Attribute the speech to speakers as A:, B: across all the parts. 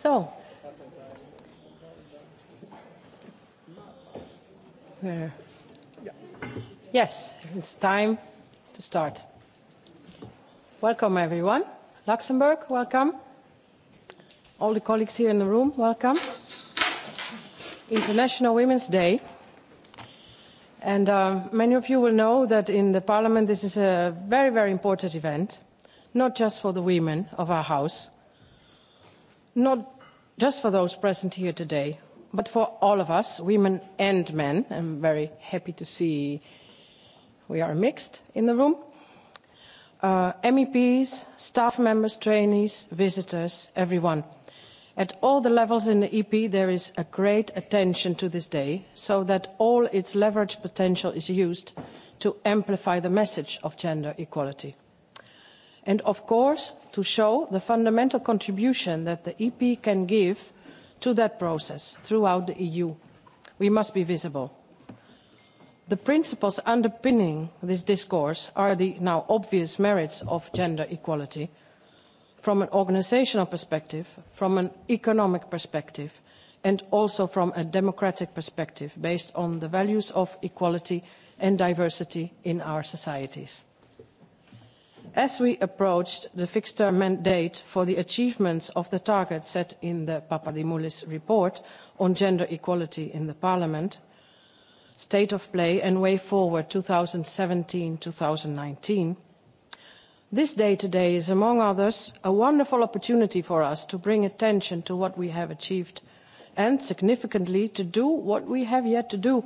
A: So. Yes, it's time to start. Welcome, everyone. Luxembourg, welcome. All the colleagues here in the room, welcome. International Women's Day. And uh, many of you will know that in the Parliament this is a very, very important event, not just for the women of our House, not just for those present here today, but for all of us, women and men. I'm very happy to see we are mixed in the room. Uh, MEPs, staff members, trainees, visitors, everyone. At all the levels in the EP, there is a great attention to this day so that all its leverage potential is used to amplify the message of gender equality and of course to show the fundamental contribution that the ep can give to that process throughout the eu. we must be visible. the principles underpinning this discourse are the now obvious merits of gender equality from an organisational perspective from an economic perspective and also from a democratic perspective based on the values of equality and diversity in our societies as we approached the fixed term mandate for the achievements of the target set in the papadimoulis report on gender equality in parliament state of play and way forward two thousand and seventeen two thousand and nineteen this day today is among others a wonderful opportunity for us to bring attention to what we have achieved and significantly to do what we have yet to do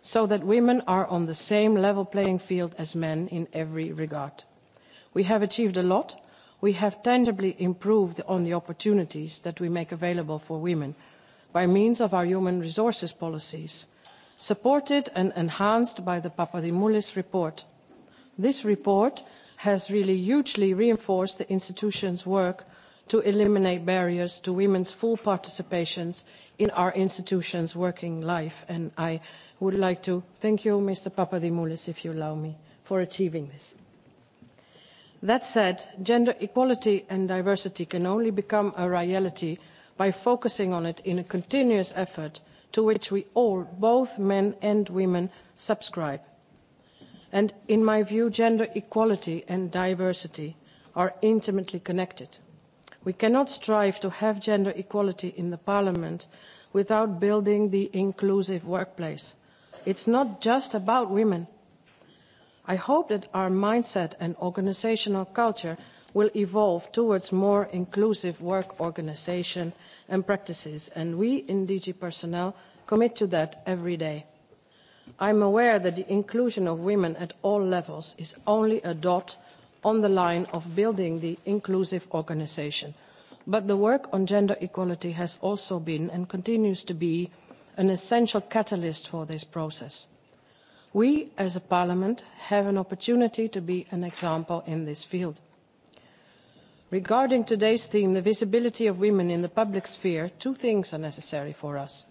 A: so that women are on the same level playing field as men in every regard we have achieved a lot we have tangibly improved on the opportunities that we make available for women by means of our human resources policies supported and enhanced by the papadimoulis report. this report has really hugely reinforced the institution's work to eliminate barriers to women's full participation in our institution's working life and i would like to thank you mr papadimoulis if you allow me for achieving this that said gender equality and diversity can only become a reality by focusing on it in a continuous effort to which we all both men and women subscribe and in my view gender equality and diversity are intimately connected. we cannot strive to have gender equality in the parliament without building the inclusive workplace. it's not just about women i hope that our mindset and organisational culture will evolve towards more inclusive work organisation and practices and we in dg personnel commit to that every day. i am aware that the inclusion of women at all levels is only a dot on the line of building the inclusive organisation but the work on gender equality has also been and continues to be an essential catalyst for this process we as a parliament have an opportunity to be an example in this field. regarding today's theme the visibility of women in the public sphere two things are necessary for us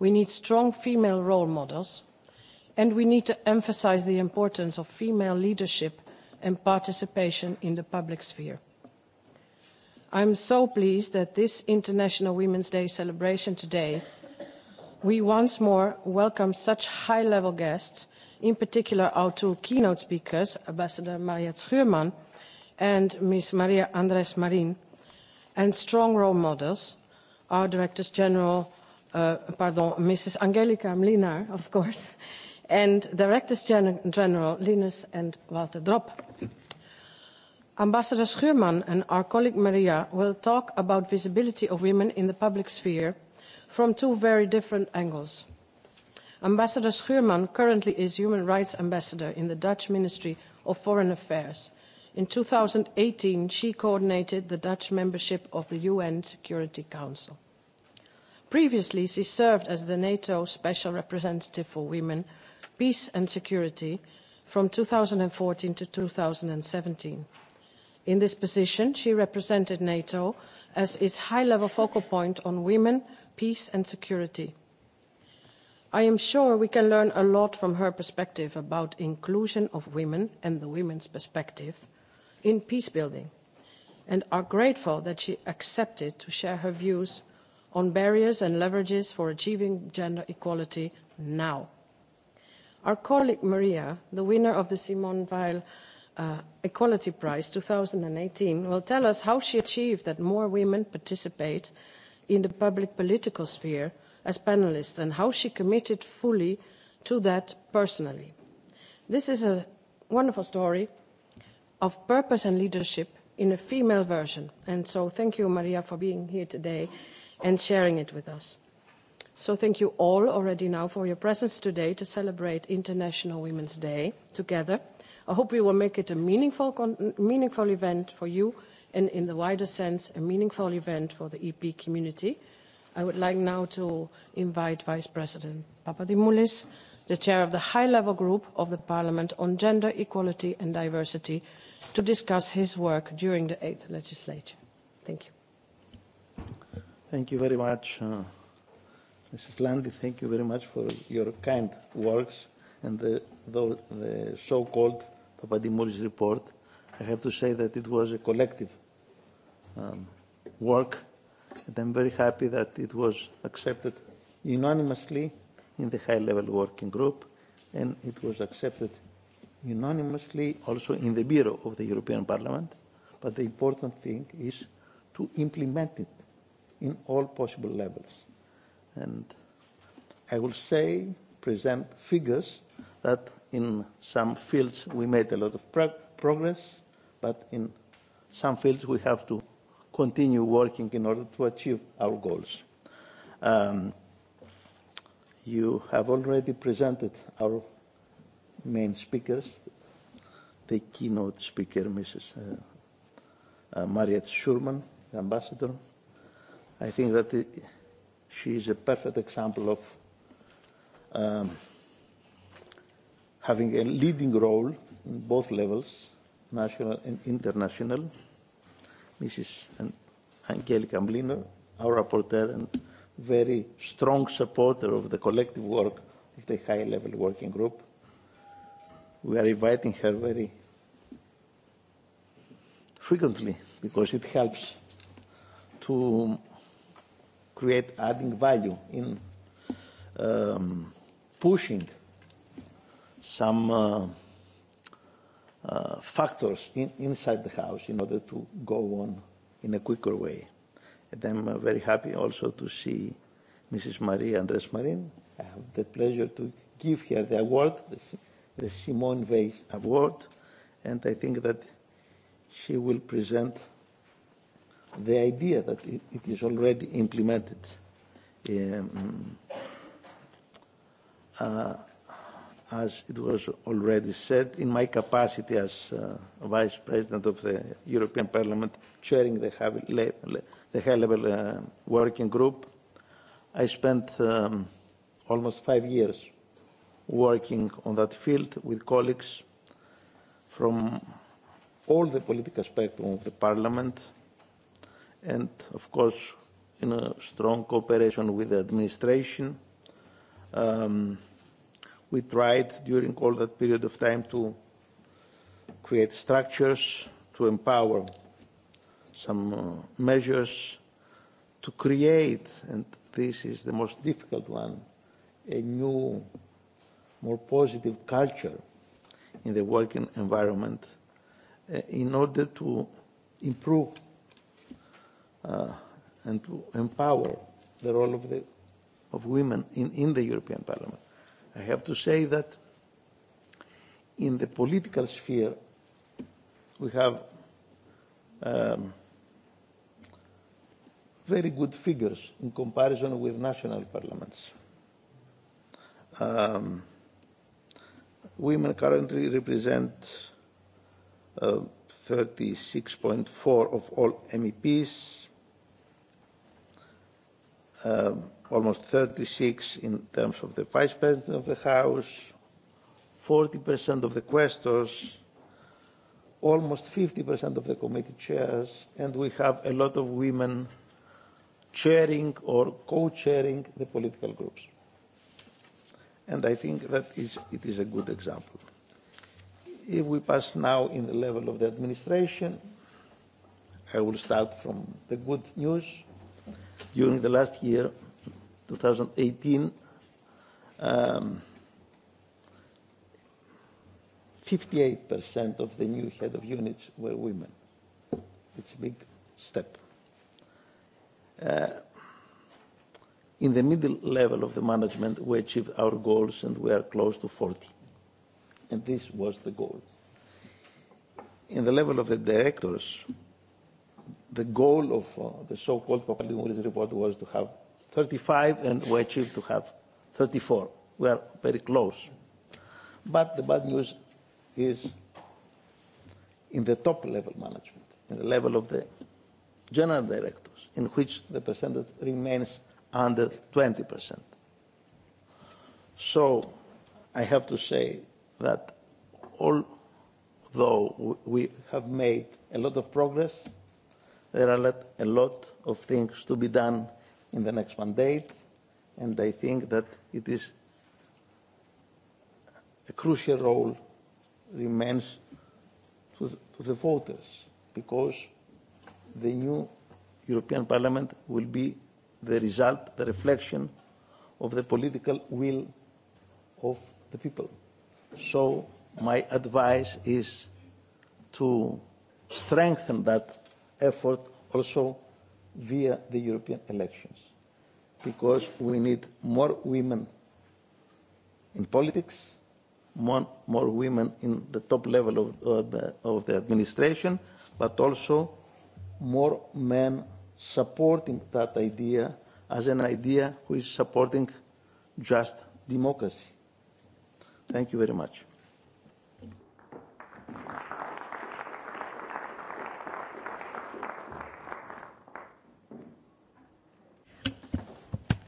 A: we need strong female role models and we need to emphasise the importance of female leadership and participation in the public sphere. i am so pleased that this international women's day celebration today we once more welcome such high level guests in particular our two keynote speakers ambassador Maria schuurman and ms maria Andres marin and strong role models our Directors general pardon, ms angelika mlinar of course and directors general linus and walter drop. ambassador schuurman and our colleague maria will talk about visibility of women in the public sphere from two very different angles. ambassador schuurman currently is human rights ambassador in the dutch ministry of foreign affairs. in two thousand and eighteen she coordinated the dutch membership of the un security council. previously she served as the nato special representative for women peace and security from two thousand and fourteen to two thousand and seventeen in this position she represented nato as its high level focal point on women peace and security. I am sure we can learn a lot from her perspective about inclusion of women and the women's perspective in peace building and are grateful that she accepted to share her views on barriers and leverages for achieving gender equality now. Our colleague Maria, the winner of the Simone Weil uh, Equality Prize eighteen, will tell us how she achieved that more women participate in the public political sphere as panelists and how she committed fully to that personally. This is a wonderful story of purpose and leadership in a female version. And so thank you, Maria, for being here today and sharing it with us. So thank you all already now for your presence today to celebrate International Women's Day together. I hope we will make it a meaningful, meaningful event for you and in the wider sense a meaningful event for the ep community. i would like now to invite vice president papadimoulis the chair of the high level group of the parliament on gender equality and diversity to discuss his work during the eighth legislature.
B: thank you. thank you very much mrs landi thank you very much for your kind words and the, the, the so-called papadimoulis report. i have to say that it was a collective um, work. And I'm very happy that it was accepted unanimously in the high-level working group, and it was accepted unanimously also in the Bureau of the European Parliament. But the important thing is to implement it in all possible levels. And I will say, present figures that in some fields we made a lot of pro progress, but in some fields we have to continue working in order to achieve our goals. Um, you have already presented our main speakers, the keynote speaker, Mrs. Uh, uh, Mariette Schurman, the ambassador. I think that it, she is a perfect example of um, having a leading role in both levels, national and international Mrs. Angelica Mliner, our rapporteur and very strong supporter of the collective work of the high-level working group. We are inviting her very frequently because it helps to create adding value in um, pushing some uh, uh, factors in, inside the House in order to go on in a quicker way. And I'm uh, very happy also to see Mrs. Marie Andres Marin. I have the pleasure to give her the award, the, the Simone Weiss Award, and I think that she will present the idea that it, it is already implemented. Um, uh, as it was already said, in my capacity as uh, Vice President of the European Parliament, chairing the high-level high uh, working group, I spent um, almost five years working on that field with colleagues from all the political spectrum of the Parliament and, of course, in a strong cooperation with the administration. Um, We tried during all that period of time to create structures, to empower some uh, measures, to create, and this is the most difficult one, a new, more positive culture in the working environment uh, in order to improve uh, and to empower the role of, the, of women in, in the European Parliament. I have to say that in the political sphere, we have um, very good figures in comparison with national parliaments. Um, women currently represent uh, 36.4 of all MEPs. Um, almost 36 in terms of the Vice President of the House, 40% of the questors, almost 50% of the committee chairs, and we have a lot of women chairing or co-chairing the political groups. And I think that is, it is a good example. If we pass now in the level of the administration, I will start from the good news. During the last year, 2018, 58% of the new head of units were women. It's a big step. In the middle level of the management, we achieved our goals, and we are close to 40, and this was the goal. In the level of the directors, the goal of uh the so-called Papalimuris report was to have 35, and we achieved to have 34. We are very close. But the bad news is in the top-level management, in the level of the general directors, in which the percentage remains under 20%. So I have to say that although we have made a lot of progress, there are a lot of things to be done in the next mandate, and I think that it is a crucial role remains to the, to the voters because the new European Parliament will be the result, the reflection of the political will of the people. So my advice is to strengthen that effort also via the European elections because we need more women in politics, more, more women in the top level of, of, the, of the administration, but also more men supporting that idea as an idea who is supporting just democracy. Thank you very much.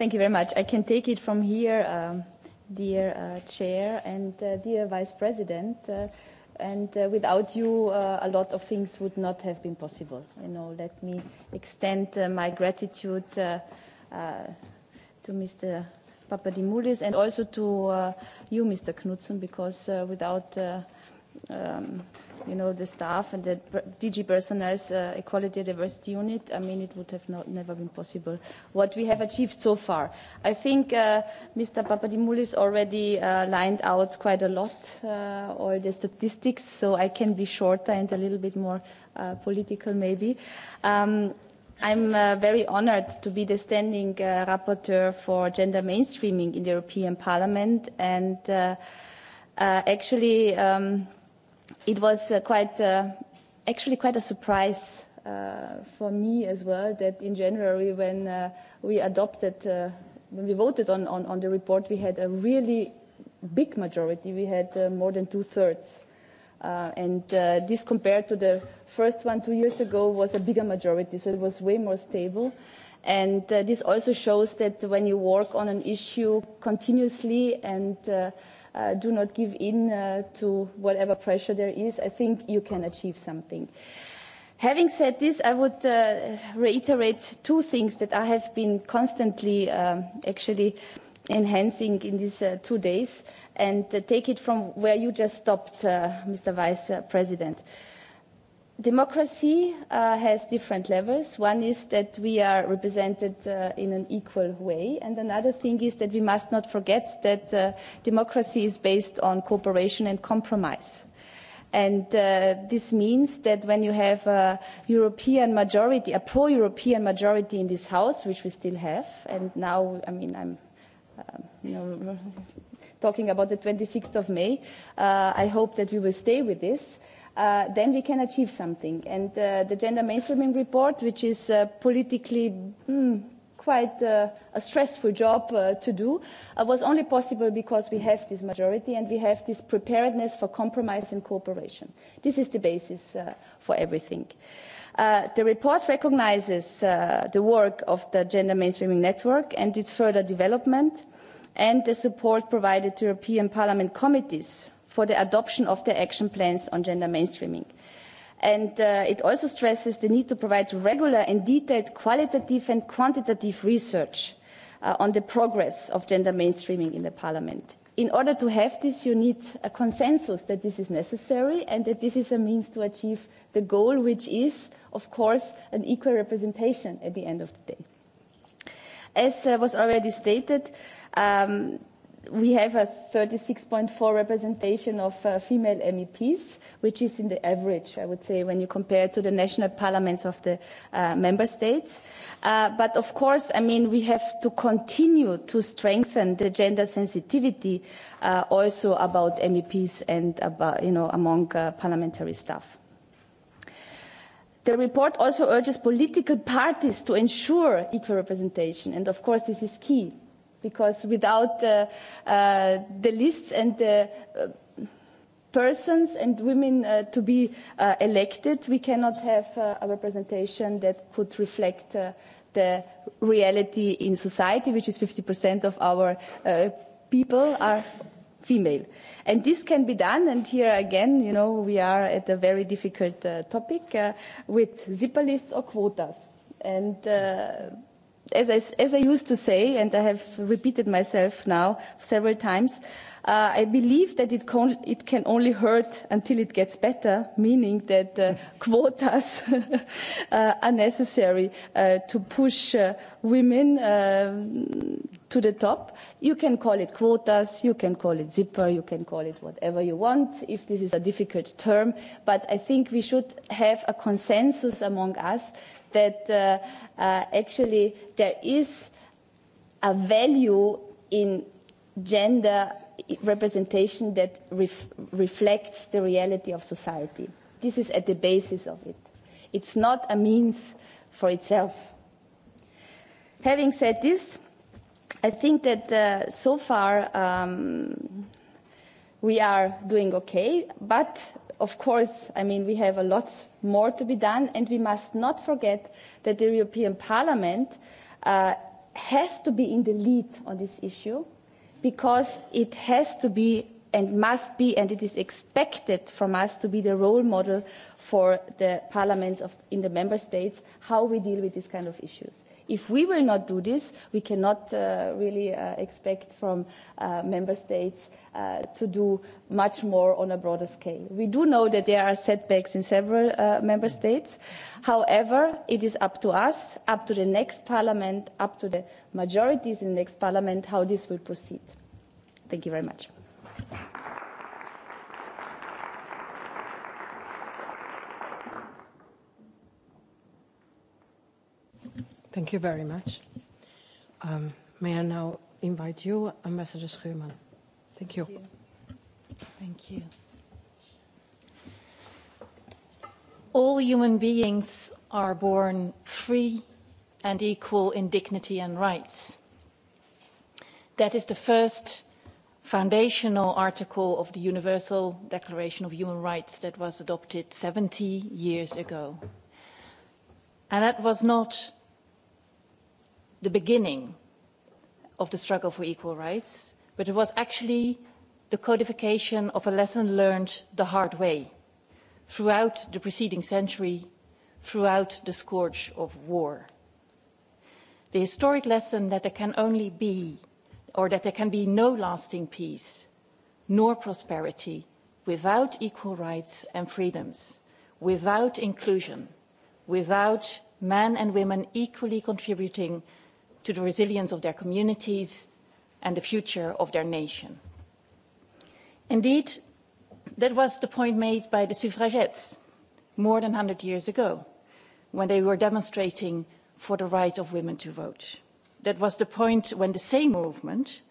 C: Thank you very much. I can take it from here, um, dear uh, Chair and uh, dear Vice President. Uh, and uh, without you, uh, a lot of things would not have been possible. You know, let me extend uh, my gratitude uh, uh, to Mr. Papadimoulis and also to uh, you, Mr. Knudsen, because uh, without uh, um, you know, the staff and the DG personnel's uh, equality and diversity unit, I mean, it would have not, never been possible what we have achieved so far. I think uh, Mr. Papadimoulis already uh, lined out quite a lot, uh, all the statistics, so I can be shorter and a little bit more uh, political maybe. Um, I'm uh, very honored to be the standing uh, rapporteur for gender mainstreaming in the European Parliament and uh, uh, actually um, it was uh, quite, uh, actually quite a surprise uh, for me as well that in January when uh, we adopted, uh, when we voted on, on, on the report, we had a really big majority. We had uh, more than two thirds. Uh, and uh, this compared to the first one two years ago was a bigger majority, so it was way more stable. And uh, this also shows that when you work on an issue continuously and uh, uh, do not give in uh, to whatever pressure there is, I think you can achieve something. Having said this, I would uh, reiterate two things that I have been constantly uh actually enhancing in these uh, two days and uh, take it from where you just stopped, uh, Mr. Vice President. Uh, Democracy uh, has different levels. One is that we are represented uh, in an equal way, and another thing is that we must not forget that uh, democracy is based on cooperation and compromise. And uh, this means that when you have a European majority, a pro-European majority in this House, which we still have, and now, I mean, I'm, um, you know, talking about the 26th of May, uh, I hope that we will stay with this uh, then we can achieve something. And uh, the gender mainstreaming report, which is uh, politically mm, quite uh, a stressful job uh, to do, uh, was only possible because we have this majority and we have this preparedness for compromise and cooperation. This is the basis uh, for everything. Uh, the report recognizes uh, the work of the Gender Mainstreaming Network and its further development and the support provided to European Parliament committees for the adoption of the action plans on gender mainstreaming. And uh, it also stresses the need to provide regular and detailed qualitative and quantitative research uh, on the progress of gender mainstreaming in the parliament. In order to have this, you need a consensus that this is necessary and that this is a means to achieve the goal, which is, of course, an equal representation at the end of the day. As uh, was already stated, um, we have a 36.4 representation of uh, female MEPs, which is in the average, I would say, when you compare to the national parliaments of the uh, member states. Uh, but of course, I mean, we have to continue to strengthen the gender sensitivity uh, also about MEPs and about, you know, among uh, parliamentary staff. The report also urges political parties to ensure equal representation, and of course this is key because without the, uh, the lists and the uh, persons and women uh, to be uh, elected, we cannot have uh, a representation that could reflect uh, the reality in society, which is 50% of our uh, people are female. And this can be done, and here again, you know, we are at a very difficult uh, topic uh, with zipper lists or quotas. And uh, as I, as I used to say, and I have repeated myself now several times, uh, I believe that it, con- it can only hurt until it gets better, meaning that uh, quotas uh, are necessary uh, to push uh, women uh, to the top. You can call it quotas, you can call it zipper, you can call it whatever you want, if this is a difficult term, but I think we should have a consensus among us that uh, uh, actually there is a value in gender representation that ref- reflects the reality of society. This is at the basis of it. It's not a means for itself. Having said this, I think that uh, so far um, we are doing okay, but Of course, I mean, we have a lot more to be done, and we must not forget that the European Parliament uh, has to be in the lead on this issue because it has to be and must be and it is expected from us to be the role model for the parliaments of, in the member states how we deal with these kind of issues If we will not do this, we cannot uh, really uh, expect from uh, member states uh, to do much more on a broader scale. We do know that there are setbacks in several uh, member states. However, it is up to us, up to the next parliament, up to the majorities in the next parliament, how this will proceed. Thank you very much.
A: Thank you very much. Um, may I now invite you, Ambassador Schumann? Thank you. Thank you.
D: All human beings are born free and equal in dignity and rights. That is the first foundational article of the Universal Declaration of Human Rights that was adopted seventy years ago. And that was not the beginning of the struggle for equal rights, but it was actually the codification of a lesson learned the hard way throughout the preceding century, throughout the scourge of war. The historic lesson that there can only be, or that there can be no lasting peace nor prosperity without equal rights and freedoms, without inclusion, without men and women equally contributing to the resilience of their communities and the future of their nation. Indeed, that was the point made by the suffragettes more than 100 years ago when they were demonstrating for the right of women to vote. That was the point when the same movement,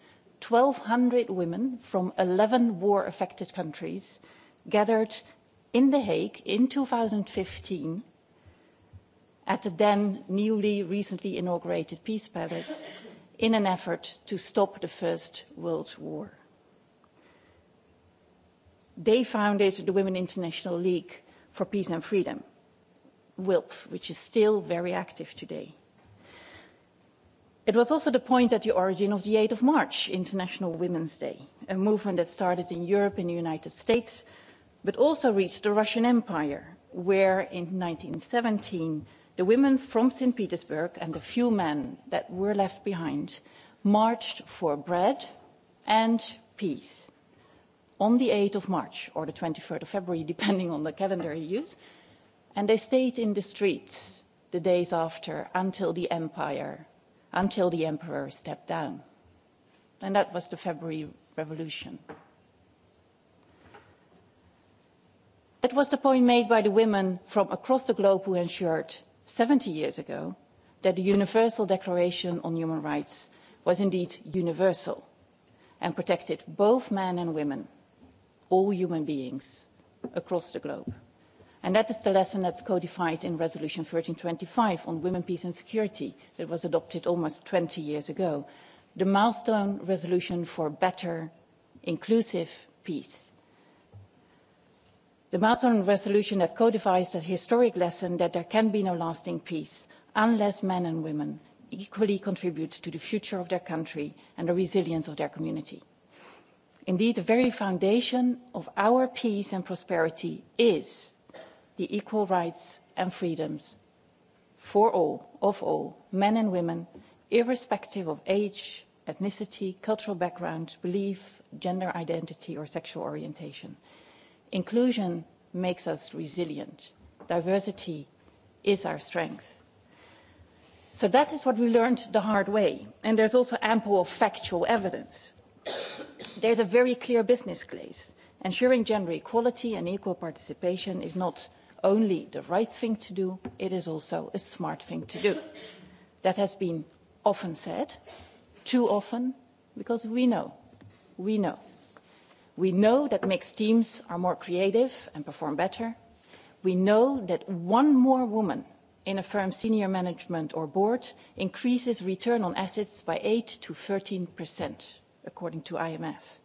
D: 1,200 women from 11 war-affected countries, gathered in The Hague in 2015 at the then newly recently inaugurated Peace Palace in an effort to stop the First World War. They founded the Women International League for Peace and Freedom, WILP, which is still very active today. It was also the point at the origin of the 8th of March, International Women's Day, a movement that started in Europe and the United States, but also reached the Russian Empire, where in 1917 the women from St. Petersburg and the few men that were left behind marched for bread and peace on the 8th of March or the 23rd of February, depending on the calendar you use. And they stayed in the streets the days after until the empire, until the emperor stepped down. And that was the February Revolution. That was the point made by the women from across the globe who ensured seventy years ago that the Universal Declaration on Human Rights was indeed universal and protected both men and women, all human beings across the globe. And that is the lesson that's codified in Resolution twenty five on women, peace and security that was adopted almost twenty years ago, the milestone resolution for better, inclusive peace The Mazarin Resolution that codifies the historic lesson that there can be no lasting peace unless men and women equally contribute to the future of their country and the resilience of their community. Indeed, the very foundation of our peace and prosperity is the equal rights and freedoms for all, of all, men and women, irrespective of age, ethnicity, cultural background, belief, gender identity, or sexual orientation. Inclusion makes us resilient. Diversity is our strength. So that is what we learned the hard way. And there's also ample factual evidence. There's a very clear business case. Ensuring gender equality and equal participation is not only the right thing to do, it is also a smart thing to do. That has been often said, too often, because we know, we know We know that mixed teams are more creative and perform better. We know that one more woman in a firm's senior management or board increases return on assets by 8 to 13%, according to IMF.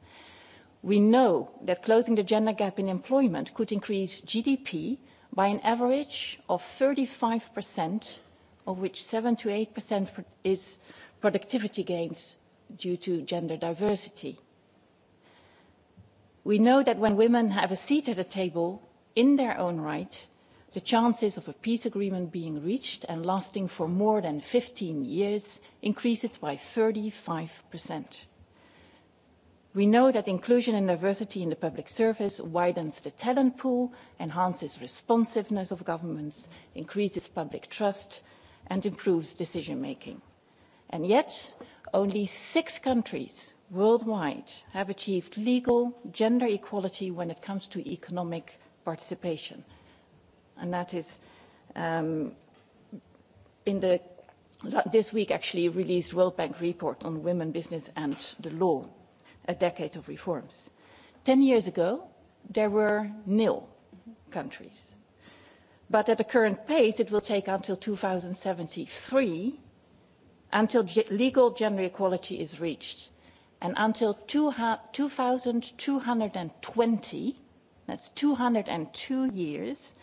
D: We know that closing the gender gap in employment could increase GDP by an average of 35%, of which 7 to 8% is productivity gains due to gender diversity We know that when women have a seat at a table in their own right, the chances of a peace agreement being reached and lasting for more than 15 years increases by 35%. We know that inclusion and diversity in the public service widens the talent pool, enhances responsiveness of governments, increases public trust, and improves decision making. And yet, only six countries worldwide have achieved legal gender equality when it comes to economic participation. And that is um, in the this week actually released World Bank report on women, business and the law, a decade of reforms. Ten years ago, there were nil countries. But at the current pace, it will take until 2073 until legal gender equality is reached and until 2220, that's 202 years,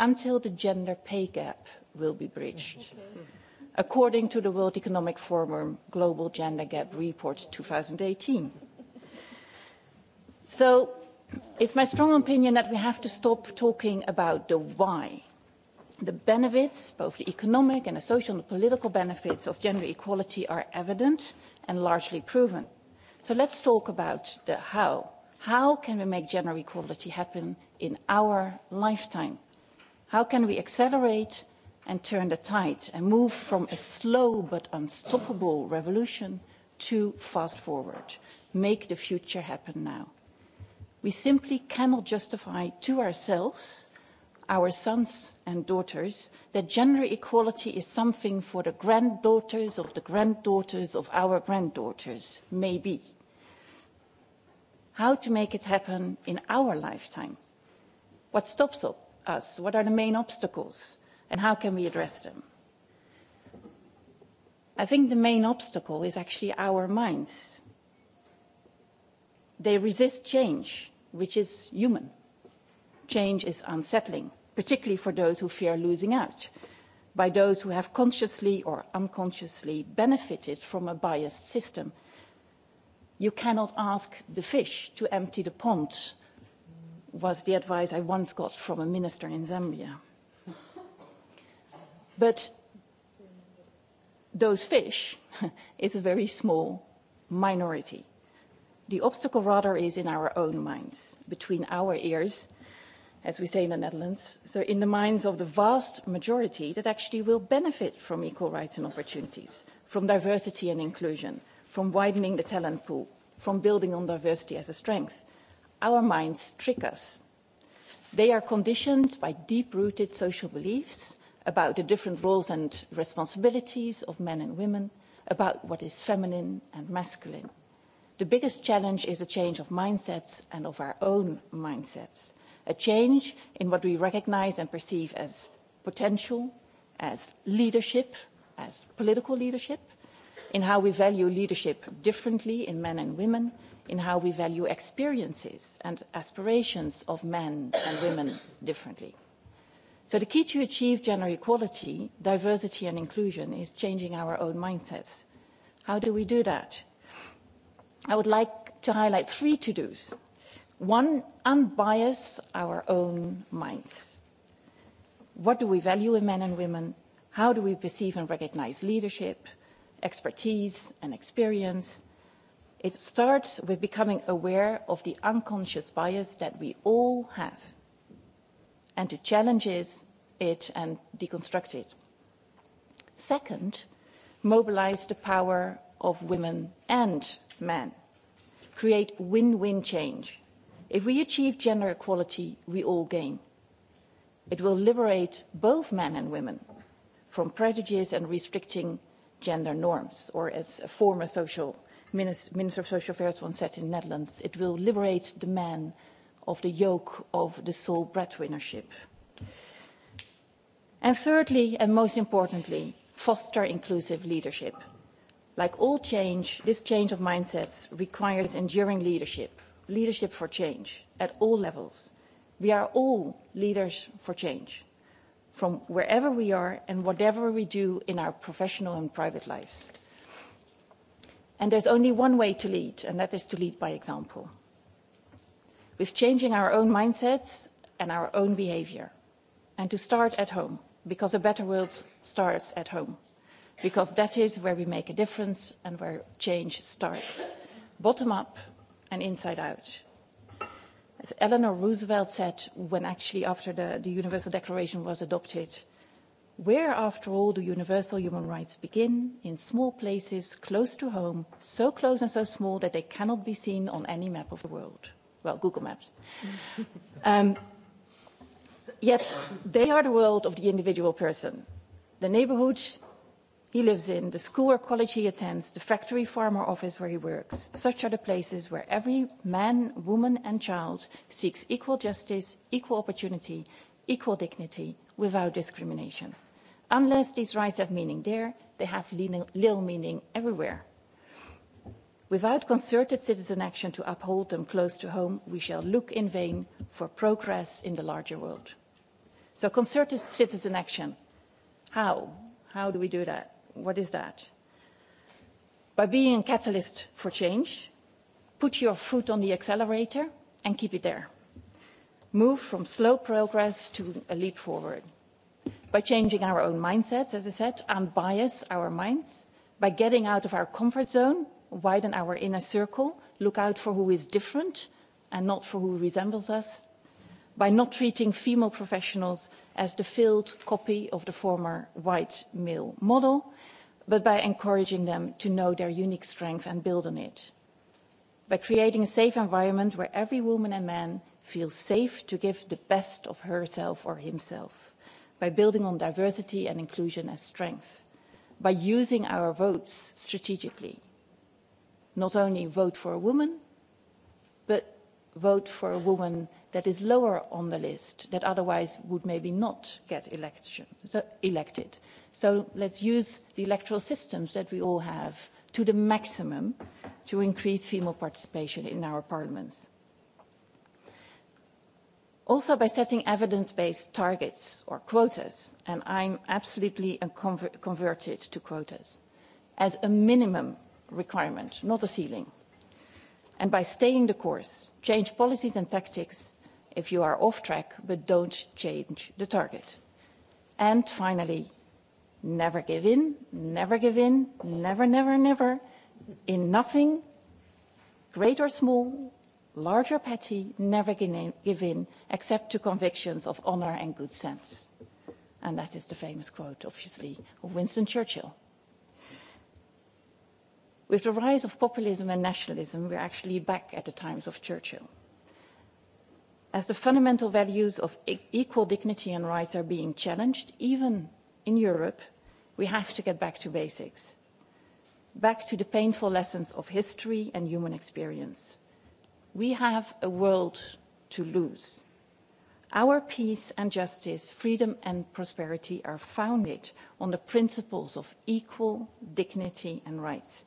D: until the gender pay gap will be bridged. According to the World Economic Forum Global Gender Gap Report 2018. So it's my strong opinion that we have to stop talking about the why. The benefits, both the economic and the social and the political benefits of gender equality are evident and largely proven So let's talk about the how. How can we make gender equality happen in our lifetime? How can we accelerate and turn the tide and move from a slow but unstoppable revolution to fast forward? Make the future happen now. We simply cannot justify to ourselves our sons and daughters that gender equality is something for the granddaughters of the granddaughters of our granddaughters, maybe. How to make it happen in our lifetime? What stops us? What are the main obstacles? And how can we address them? I think the main obstacle is actually our minds. They resist change, which is human. Change is unsettling particularly for those who fear losing out, by those who have consciously or unconsciously benefited from a biased system. You cannot ask the fish to empty the pond, was the advice I once got from a minister in Zambia. But those fish is a very small minority. The obstacle rather is in our own minds, between our ears as we say in the Netherlands, so in the minds of the vast majority that actually will benefit from equal rights and opportunities, from diversity and inclusion, from widening the talent pool, from building on diversity as a strength. Our minds trick us. They are conditioned by deep-rooted social beliefs about the different roles and responsibilities of men and women, about what is feminine and masculine. The biggest challenge is a change of mindsets and of our own mindsets a change in what we recognise and perceive as potential, as leadership, as political leadership, in how we value leadership differently in men and women, in how we value experiences and aspirations of men and women differently. So the key to achieve gender equality, diversity and inclusion is changing our own mindsets. How do we do that? I would like to highlight three to-dos One, unbias our own minds. What do we value in men and women? How do we perceive and recognize leadership, expertise, and experience? It starts with becoming aware of the unconscious bias that we all have and to challenge it and deconstruct it. Second, mobilize the power of women and men. Create win-win change If we achieve gender equality, we all gain. It will liberate both men and women from prejudice and restricting gender norms, or as a former social Minister of Social Affairs once said in the Netherlands, it will liberate the man of the yoke of the sole breadwinnership. And thirdly, and most importantly, foster inclusive leadership. Like all change, this change of mindsets requires enduring leadership – leadership for change at all levels. We are all leaders for change from wherever we are and whatever we do in our professional and private lives. And there's only one way to lead, and that is to lead by example. With changing our own mindsets and our own behavior. And to start at home, because a better world starts at home. Because that is where we make a difference and where change starts. Bottom up and inside out. As Eleanor Roosevelt said when actually after the, the Universal Declaration was adopted, where after all do universal human rights begin? In small places, close to home, so close and so small that they cannot be seen on any map of the world. Well, Google Maps. um, yet they are the world of the individual person. The neighborhood he lives in, the school or college he attends, the factory, farm or office where he works. Such are the places where every man, woman and child seeks equal justice, equal opportunity, equal dignity, without discrimination. Unless these rights have meaning there, they have little meaning everywhere. Without concerted citizen action to uphold them close to home, we shall look in vain for progress in the larger world. So concerted citizen action, how? How do we do that? What is that? By being a catalyst for change, put your foot on the accelerator and keep it there. Move from slow progress to a leap forward. By changing our own mindsets, as I said, unbias our minds, by getting out of our comfort zone, widen our inner circle, look out for who is different and not for who resembles us, by not treating female professionals as the failed copy of the former white male model, but by encouraging them to know their unique strength and build on it. By creating a safe environment where every woman and man feels safe to give the best of herself or himself. By building on diversity and inclusion as strength. By using our votes strategically. Not only vote for a woman, but vote for a woman that is lower on the list that otherwise would maybe not get election, elected. So let's use the electoral systems that we all have to the maximum to increase female participation in our parliaments. Also by setting evidence-based targets or quotas, and I'm absolutely converted to quotas, as a minimum requirement, not a ceiling. And by staying the course, change policies and tactics if you are off track, but don't change the target. And finally, never give in, never give in, never, never, never, in nothing, great or small, large or petty, never give in, except to convictions of honor and good sense. And that is the famous quote, obviously, of Winston Churchill. With the rise of populism and nationalism, we're actually back at the times of Churchill As the fundamental values of equal dignity and rights are being challenged, even in Europe, we have to get back to basics, back to the painful lessons of history and human experience. We have a world to lose. Our peace and justice, freedom and prosperity are founded on the principles of equal dignity and rights.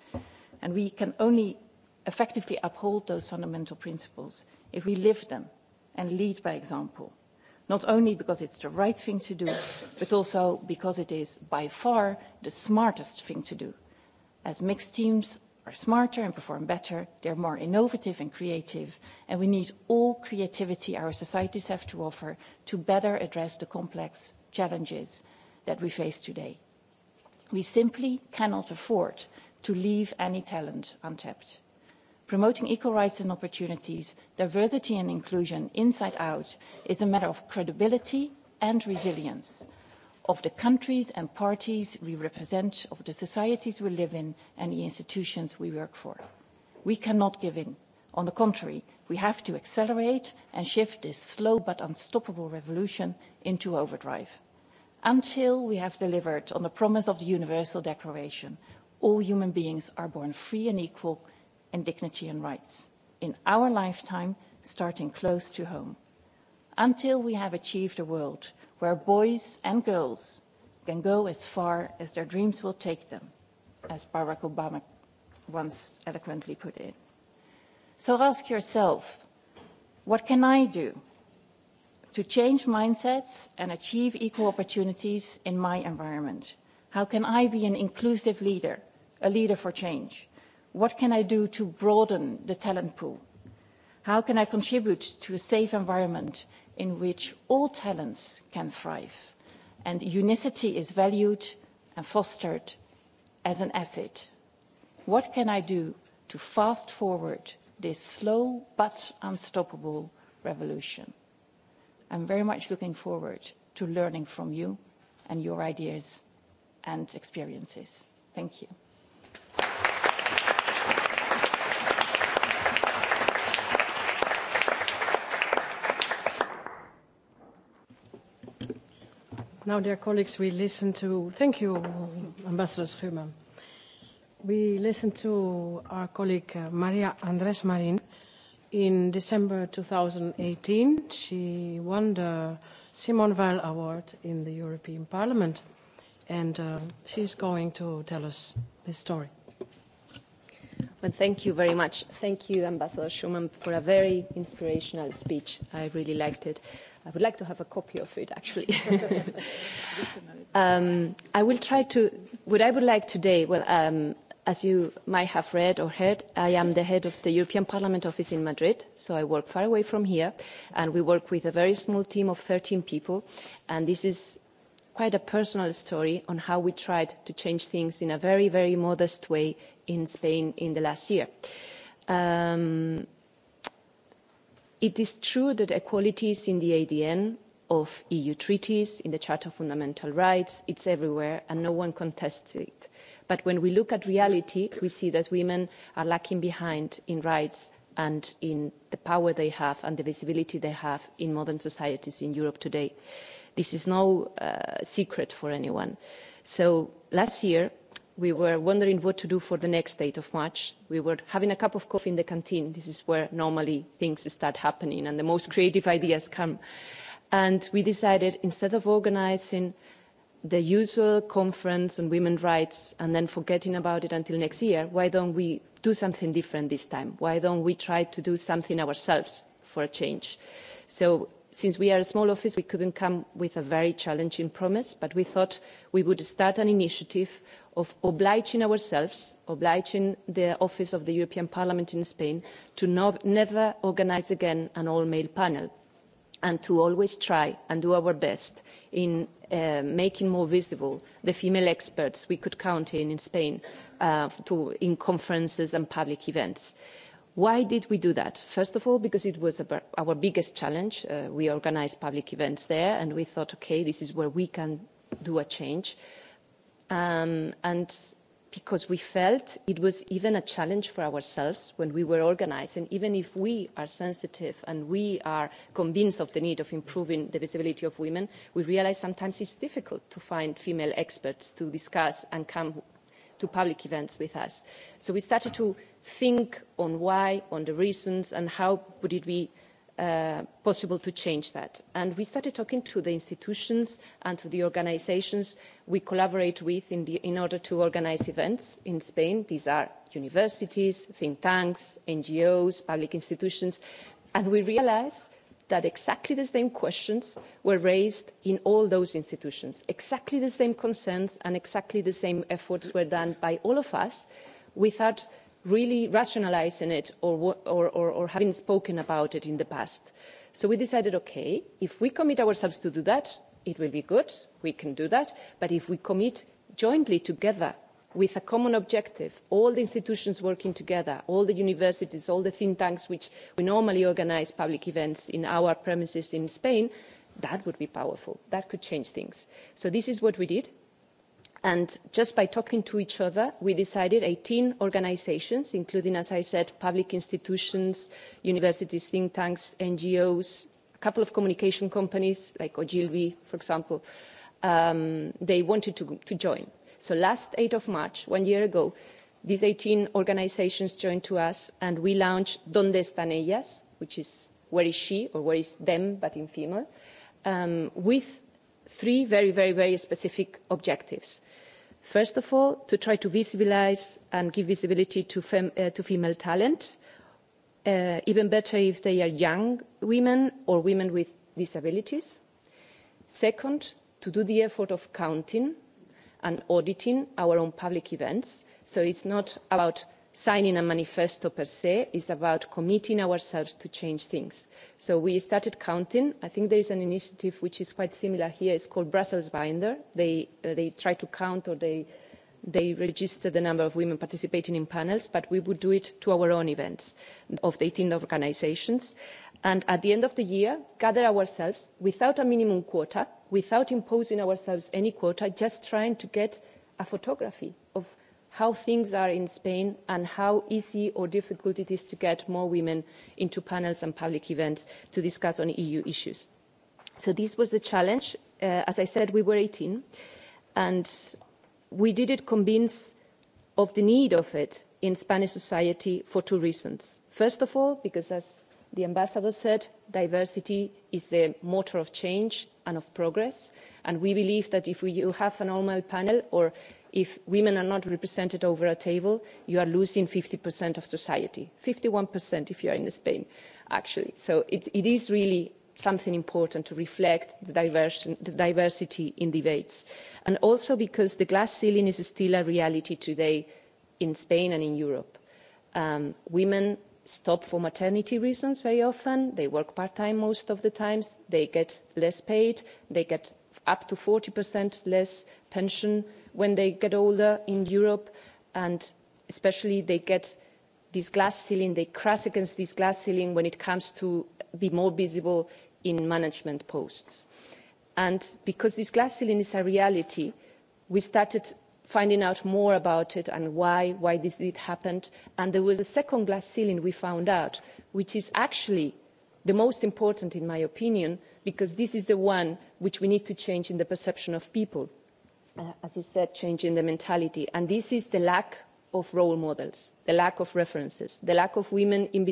D: And we can only effectively uphold those fundamental principles if we live them and lead by example, not only because it's the right thing to do, but also because it is by far the smartest thing to do. As mixed teams are smarter and perform better, they're more innovative and creative, and we need all creativity our societies have to offer to better address the complex challenges that we face today. We simply cannot afford to leave any talent untapped. Promoting equal rights and opportunities, diversity and inclusion inside out is a matter of credibility and resilience of the countries and parties we represent, of the societies we live in, and the institutions we work for. We cannot give in. On the contrary, we have to accelerate and shift this slow but unstoppable revolution into overdrive. Until we have delivered on the promise of the Universal Declaration, all human beings are born free and equal and dignity and rights in our lifetime, starting close to home, until we have achieved a world where boys and girls can go as far as their dreams will take them, as Barack Obama once eloquently put it. So ask yourself, what can I do to change mindsets and achieve equal opportunities in my environment? How can I be an inclusive leader, a leader for change? What can I do to broaden the talent pool? How can I contribute to a safe environment in which all talents can thrive and unicity is valued and fostered as an asset? What can I do to fast forward this slow but unstoppable revolution? I'm very much looking forward to learning from you and your ideas and experiences. Thank you.
A: Now, dear colleagues, we listen to... Thank you, Ambassador Schumann. We listened to our colleague uh, Maria Andres Marin. In December 2018, she won the Simone Weil Award in the European Parliament, and uh, she's going to tell us this story.
E: But thank you very much. Thank you, Ambassador Schuman, for a very inspirational speech. I really liked it. I would like to have a copy of it, actually. um, I will try to. What I would like today, well, um, as you might have read or heard, I am the head of the European Parliament office in Madrid, so I work far away from here, and we work with a very small team of 13 people, and this is quite a personal story on how we tried to change things in a very, very modest way in Spain in the last year. it is true that equality is in the ADN of EU treaties, in the Charter of Fundamental Rights, it's everywhere, and no one contests it. But when we look at reality, we see that women are lacking behind in rights and in the power they have and the visibility they have in modern societies in Europe today This is no uh, secret for anyone. So last year, we were wondering what to do for the next date of March. We were having a cup of coffee in the canteen. This is where normally things start happening and the most creative ideas come. And we decided instead of organising the usual conference on women's rights and then forgetting about it until next year, why don't we do something different this time? Why don't we try to do something ourselves for a change? So since we are a small office we couldn't come with a very challenging promise but we thought we would start an initiative of obliging ourselves obliging the office of the european parliament in spain to never organise again an all male panel and to always try and do our best in making more visible the female experts we could count on in spain in conferences and public events. Why did we do that? First of all, because it was our biggest challenge. Uh, we organized public events there, and we thought, okay, this is where we can do a change. Um, and because we felt it was even a challenge for ourselves when we were organizing, even if we are sensitive and we are convinced of the need of improving the visibility of women, we realise sometimes it's difficult to find female experts to discuss and come to public events with us. So we started to think on why, on the reasons, and how would it be possible to change that. And we started talking to the institutions and to the organisations we collaborate with in, the, in order to organise events in Spain. These are universities, think tanks, NGOs, public institutions. And we realised that exactly the same questions were raised in all those institutions. Exactly the same concerns and exactly the same efforts were done by all of us without really rationalising it or, or, or, or having spoken about it in the past. So we decided, okay, if we commit ourselves to do that, it will be good, we can do that. But if we commit jointly together with a common objective, all the institutions working together, all the universities, all the think tanks which we normally organise public events in our premises in Spain, that would be powerful. That could change things. So this is what we did. And just by talking to each other, we decided 18 organisations, including, as I said, public institutions, universities, think tanks, NGOs, a couple of communication companies like Ogilvy, for example, um, they wanted to, to join So last 8 of March, one year ago, these 18 organisations joined to us and we launched Donde están ellas, which is where is she or where is them, but in female, um, with three very, very, very specific objectives. First of all, to try to visibilise and give visibility to, fem uh, to female talent, uh, even better if they are young women or women with disabilities. Second, to do the effort of counting and auditing our own public events. So it's not about signing a manifesto per se, it's about committing ourselves to change things. So we started counting. I think there is an initiative which is quite similar here. It's called Brussels Binder. They, uh, they try to count or they, they register the number of women participating in panels, but we would do it to our own events of the 18 organizations and at the end of the year gather ourselves without a minimum quota without imposing ourselves any quota just trying to get a photography of how things are in spain and how easy or difficult it is to get more women into panels and public events to discuss on eu issues. so this was the challenge. as i said we were eighteen and we did it convinced of the need of it in spanish society for two reasons. first of all because as The ambassador said diversity is the motor of change and of progress. And we believe that if you have an all-male panel or if women are not represented over a table, you are losing 50% of society. 51% if you are in Spain, actually. So it, it is really something important to reflect the, diversion, the diversity in debates. And also because the glass ceiling is still a reality today in Spain and in Europe. Um, women stop for maternity reasons very often. They work part-time most of the times. They get less paid. They get up to 40% less pension when they get older in Europe. And especially they get this glass ceiling, they crash against this glass ceiling when it comes to be more visible in management posts. And because this glass ceiling is a reality, we started finding out more about it and why, why this did happen. And there was a second glass ceiling we found out, which is actually the most important in my opinion, because this is the one which we need to change in the perception of people. Uh, as you said, changing the mentality. And this is the lack of role models, the lack of references, the lack of women in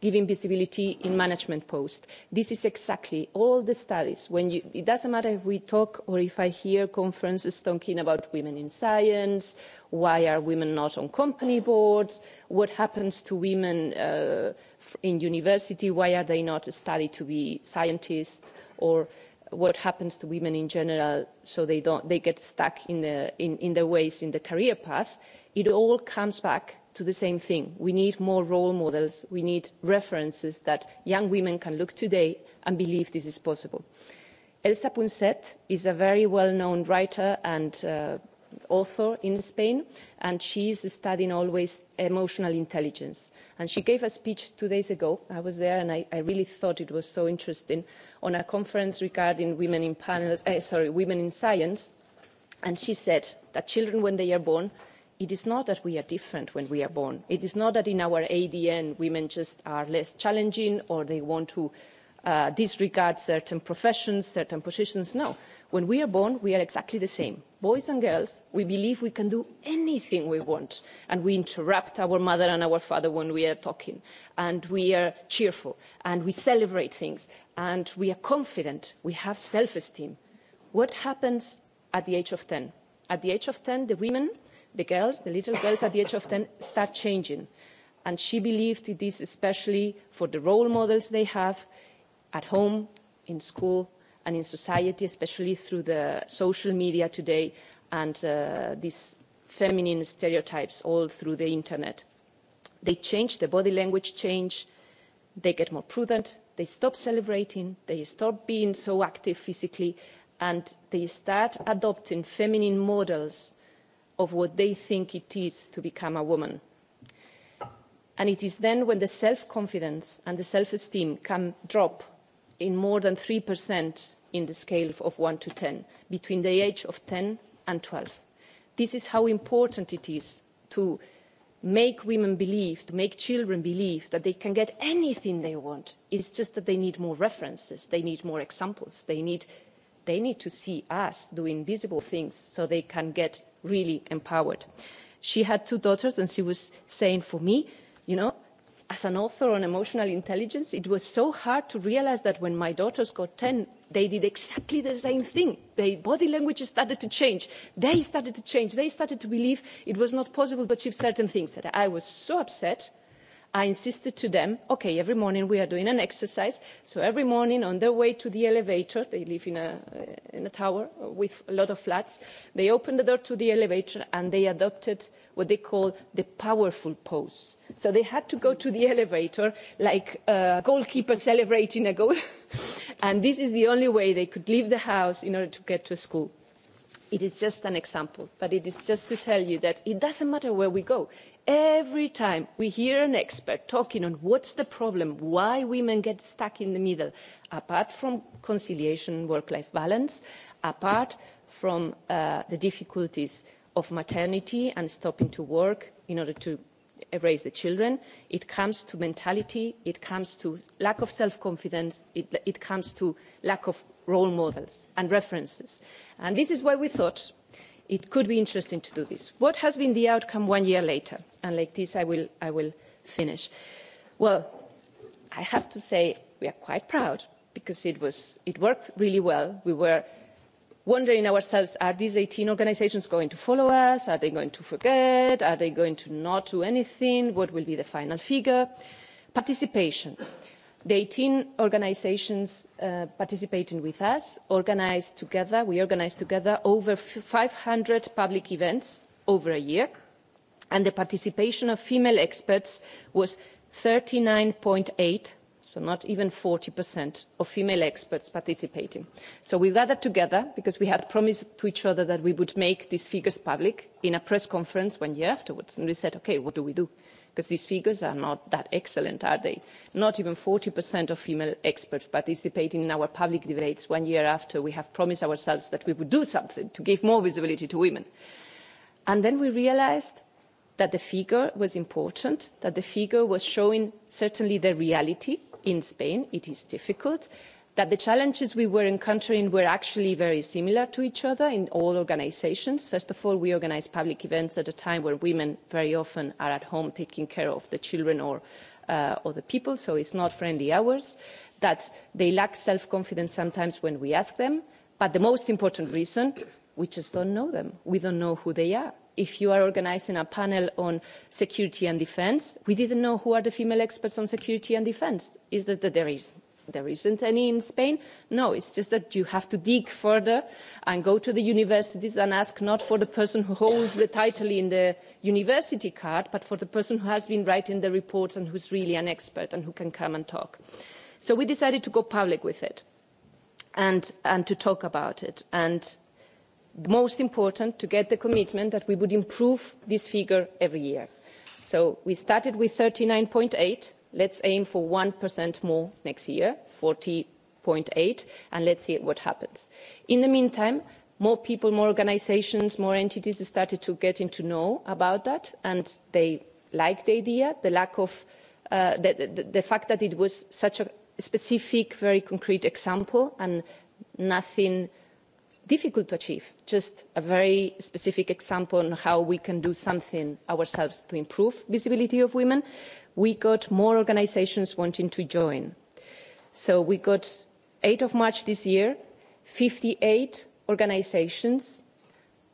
E: giving visibility in management posts. This is exactly all the studies. When you, it doesn't matter if we talk or if I hear conferences talking about women in science, why are women not on company boards, what happens to women uh, in university, why are they not studied to be scientists or what happens to women in general so they don't they get stuck in the in, in their ways in the career path it all comes back to the same thing we need more role models we need references that young women can look today and believe this is possible elsa punset is a very well known writer and uh, author in Spain, and she is studying always emotional intelligence. And she gave a speech two days ago. I was there, and I, I really thought it was so interesting on a conference regarding women in panels. Uh, sorry, women in science. And she said that children, when they are born, it is not that we are different when we are born. It is not that in our ADN women just are less challenging or they want to uh, disregard certain professions, certain positions. No. When we are born, we are exactly the same. Boys and girls, we believe we can do anything we want. And we interrupt our mother and our father when we are talking. And we are cheerful. And we celebrate things. And we are confident. We have self-esteem. What happens at the age of 10? At the age of 10, the women, the girls, the little girls at the age of 10 start changing. And she believed it is especially for the role models they have, at home, in school, and in society, especially through the social media today and uh, these feminine stereotypes all through the internet. They change, the body language change, they get more prudent, they stop celebrating, they stop being so active physically, and they start adopting feminine models of what they think it is to become a woman. And it is then when the self-confidence and the self-esteem can drop in more than 3% in the scale of one to ten, between the age of ten and twelve. This is how important it is to make women believe, to make children believe that they can get anything they want. It's just that they need more references, they need more examples, they need, they need to see us doing visible things so they can get really empowered. She had two daughters and she was saying for me, you know, as an author on emotional intelligence it was so hard to realise that when my daughters got ten they did exactly the same thing their body language started to change they started to change they started to believe it was not possible to achieve certain things and i was so upset I insisted to them, okay, every morning we are doing an exercise. So every morning on their way to the elevator, they live in a, in a tower with a lot of flats, they open the door to the elevator and they adopted what they call the powerful pose. So they had to go to the elevator like a goalkeeper celebrating a goal. and this is the only way they could leave the house in order to get to school it is just an example but it is just to tell you that it doesn't matter where we go every time we hear an expert talking on what's the problem, why women get stuck in the middle, apart from conciliation and work-life balance, apart from uh, the difficulties of maternity and stopping to work in order to raise the children, it comes to mentality, it comes to lack of self-confidence, it, it comes to lack of role models and references. And this is why we thought it could be interesting to do this. What has been the outcome one year later? And like this, I will, I will finish. Well, I have to say we are quite proud because it, was, it worked really well. We were wondering ourselves, are these 18 organizations going to follow us? Are they going to forget? Are they going to not do anything? What will be the final figure? Participation. The eighteen organisations participating with us organised together, we organised together over five hundred public events over a year, and the participation of female experts was thirty nine eight, so not even 40% of female experts participating. So we gathered together because we had promised to each other that we would make these figures public in a press conference one year afterwards, and we said, okay, what do we do? because these figures are not that excellent, are they? Not even 40% of female experts participating in our public debates one year after we have promised ourselves that we would do something to give more visibility to women. And then we realised that the figure was important, that the figure was showing certainly the reality in Spain. It is difficult that the challenges we were encountering were actually very similar to each other in all organisations. First of all, we organise public events at a time where women very often are at home taking care of the children or, uh, other people, so it's not friendly hours, that they lack self-confidence sometimes when we ask them, but the most important reason, we just don't know them. We don't know who they are if you are organising a panel on security and defence, we didn't know who are the female experts on security and defence. Is that there is there isn't any in Spain? No, it's just that you have to dig further and go to the universities and ask not for the person who holds the title in the university card, but for the person who has been writing the reports and who's really an expert and who can come and talk. So we decided to go public with it and, and to talk about it. And most important, to get the commitment that we would improve this figure every year. So we started with thirty nine eight let's aim for 1% more next year, 40.8, and let's see what happens. In the meantime, more people, more organisations, more entities started to get to know about that, and they liked the idea, the lack of, uh, the, the, the fact that it was such a specific, very concrete example and nothing difficult to achieve, just a very specific example on how we can do something ourselves to improve visibility of women we got more organisations wanting to join. So we got 8 of March this year, fifty eight organisations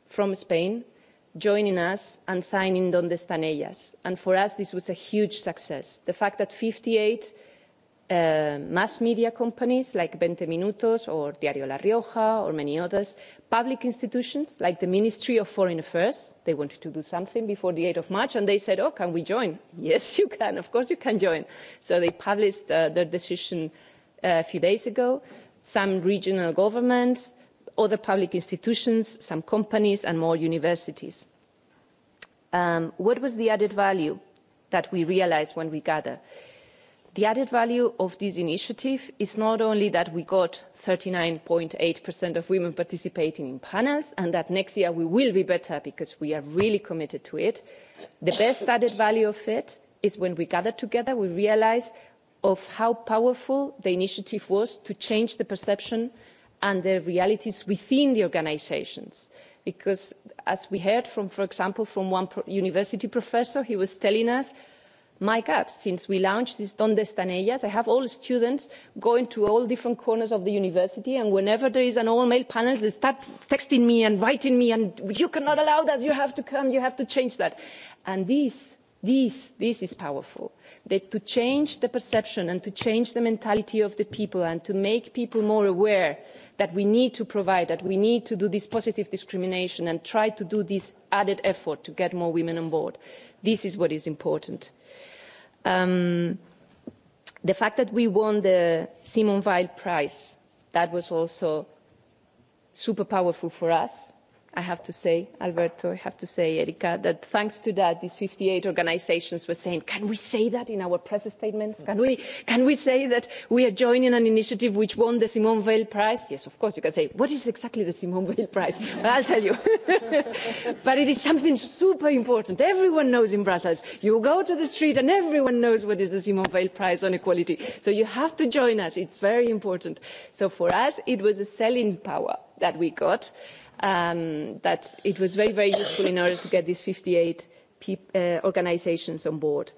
E: from Spain joining us and signing Donde Están Ellas. And for us, this was a huge success. The fact that fifty eight mass media companies like 20 Minutos or Diario La Rioja or many others, public institutions like the Ministry of Foreign Affairs. They wanted to do something before the 8th of March and they said, oh, can we join? Yes, you can. Of course you can join. So they published uh, their decision a few days ago. Some regional governments, other public institutions, some companies and more universities. Um, what was the added value that we realized when we gathered? the added value of this initiative is not only that we got thirty nine 39.8% of women participating in panels and that next year we will be better because we are really committed to it. The best added value of it is when we gather together, we realise of how powerful the initiative was to change the perception and the realities within the organisations. Because as we heard from, for example, from one university professor, he was telling us my God, since we launched this Donde están ellas, I have all students going to all different corners of the university, and whenever there is an all-male panel, they start texting me and writing me, and you cannot allow that, you have to come, you have to change that. And this, this, this is powerful. That to change the perception and to change the mentality of the people and to make people more aware that we need to provide, that we need to do this positive discrimination and try to do this added effort to get more women on board. This is what is important. the fact that we won the Simon Weil Prize, that was also super powerful for us I have to say, Alberto, I have to say, Erika, that thanks to that, these 58 organisations were saying, can we say that in our press statements? Can we, can we say that we are joining an initiative which won the Simone Veil Prize? Yes, of course, you can say, what is exactly the Simone Veil Prize? But I'll tell you. but it is something super important. Everyone knows in Brussels. You go to the street and everyone knows what is the Simone Veil Prize on Equality. So you have to join us. It's very important. So for us, it was a selling power that we got um, that it was very, very useful in order to get these 58 peop- uh, organizations on board.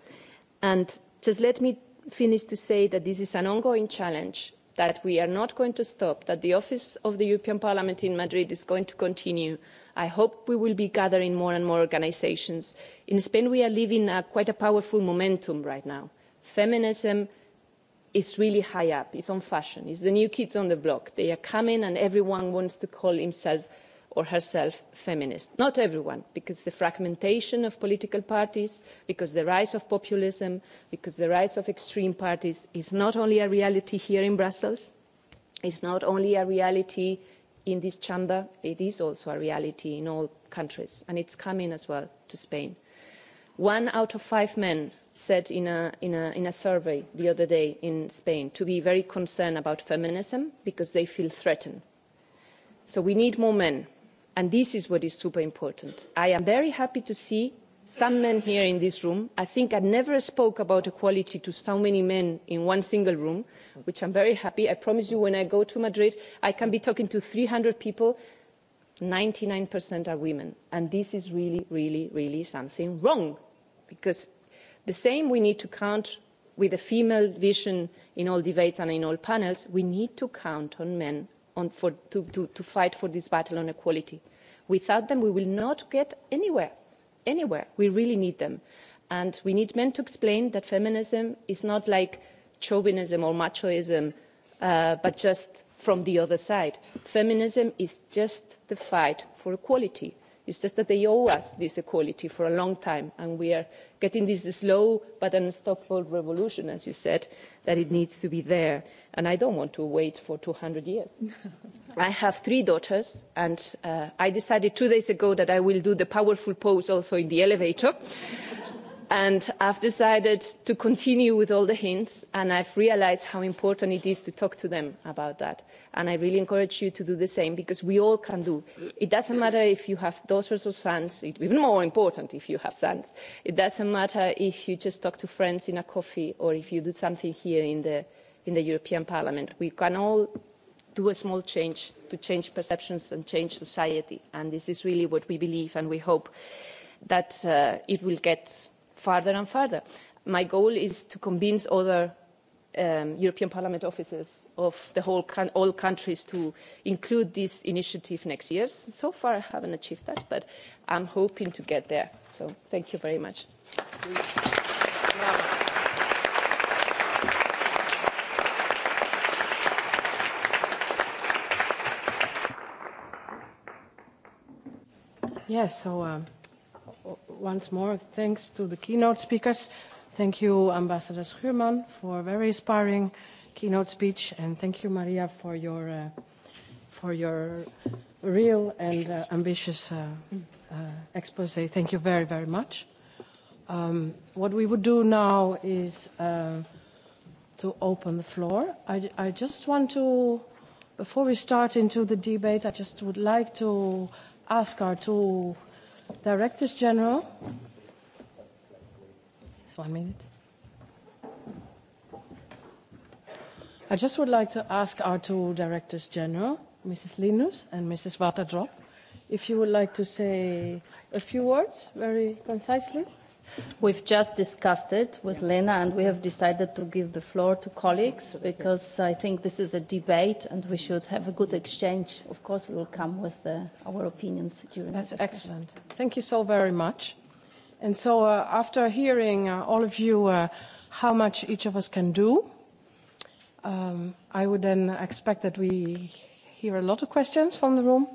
E: And just let me finish to say that this is an ongoing challenge that we are not going to stop, that the office of the European Parliament in Madrid is going to continue. I hope we will be gathering more and more organisations. In Spain, we are living a, quite a powerful momentum right now. Feminism is really high up. It's on fashion. It's the new kids on the block. They are coming, and everyone wants to call himself or herself feminist. Not everyone, because the fragmentation of political parties, because the rise of populism, because the rise of extreme parties is not only a reality here in Brussels, it's not only a reality in this chamber, it is also a reality in all countries, and it's coming as well to Spain. One out of five men said in a, in, a, in a survey the other day in Spain to be very concerned about feminism because they feel threatened. So we need more men and this is what is super important. i am very happy to see some men here in this room i think i never spoke about equality to so many men in one single room which i'm very happy i promise you when i go to madrid i can be talking to three hundred people ninety 99% are women and this is really really really something wrong because the same we need to count with a female vision in all debates and in all panels we need to count on men on for, to, to, to fight for this battle on equality. Without them, we will not get anywhere, anywhere. We really need them. And we need men to explain that feminism is not like chauvinism or machoism, uh, but just from the other side. Feminism is just the fight for equality It's just that they owe us this equality for a long time, and we are getting this slow but unstoppable revolution, as you said, that it needs to be there. And I don't want to wait for two hundred years. I have three daughters, and uh, I decided two days ago that I will do the powerful pose also in the elevator and I've decided to continue with all the hints, and I've realised how important it is to talk to them about that. And I really encourage you to do the same because we all can do. It doesn't matter if you have daughters or sons, it's even more important if you have sons. It doesn't matter if you just talk to friends in a coffee or if you do something here in the, in the European Parliament. We can all do a small change to change perceptions and change society. And this is really what we believe and we hope that uh, it will get farther and further. My goal is to convince other um, European Parliament offices of the whole can all countries to include this initiative next year. So far, I haven't achieved that, but I'm hoping to get there. So thank you very much.
A: so um, once more, thanks to the keynote speakers. Thank you, Ambassador Schuurman, for a very inspiring keynote speech, and thank you, Maria, for your, uh, for your real and uh, ambitious uh, uh, expose. Thank you very, very much. Um, what we would do now is uh, to open the floor. I, I just want to, before we start into the debate, I just would like to ask our two Directors General. Just one minute. I just would like to ask our two Directors General, Mrs. Linus and Mrs. Waterdrop, if you would like to say a few words very
F: concisely. We've just discussed it with Lena and we have decided to give the floor to colleagues because I think this is a debate and we should have a good exchange. Of course, we
A: will come with the, our opinions during That's the excellent. Thank you so very much. And so uh, after hearing uh, all of you uh, how much each of us can do, um, I would then expect that we hear a lot of questions from the room.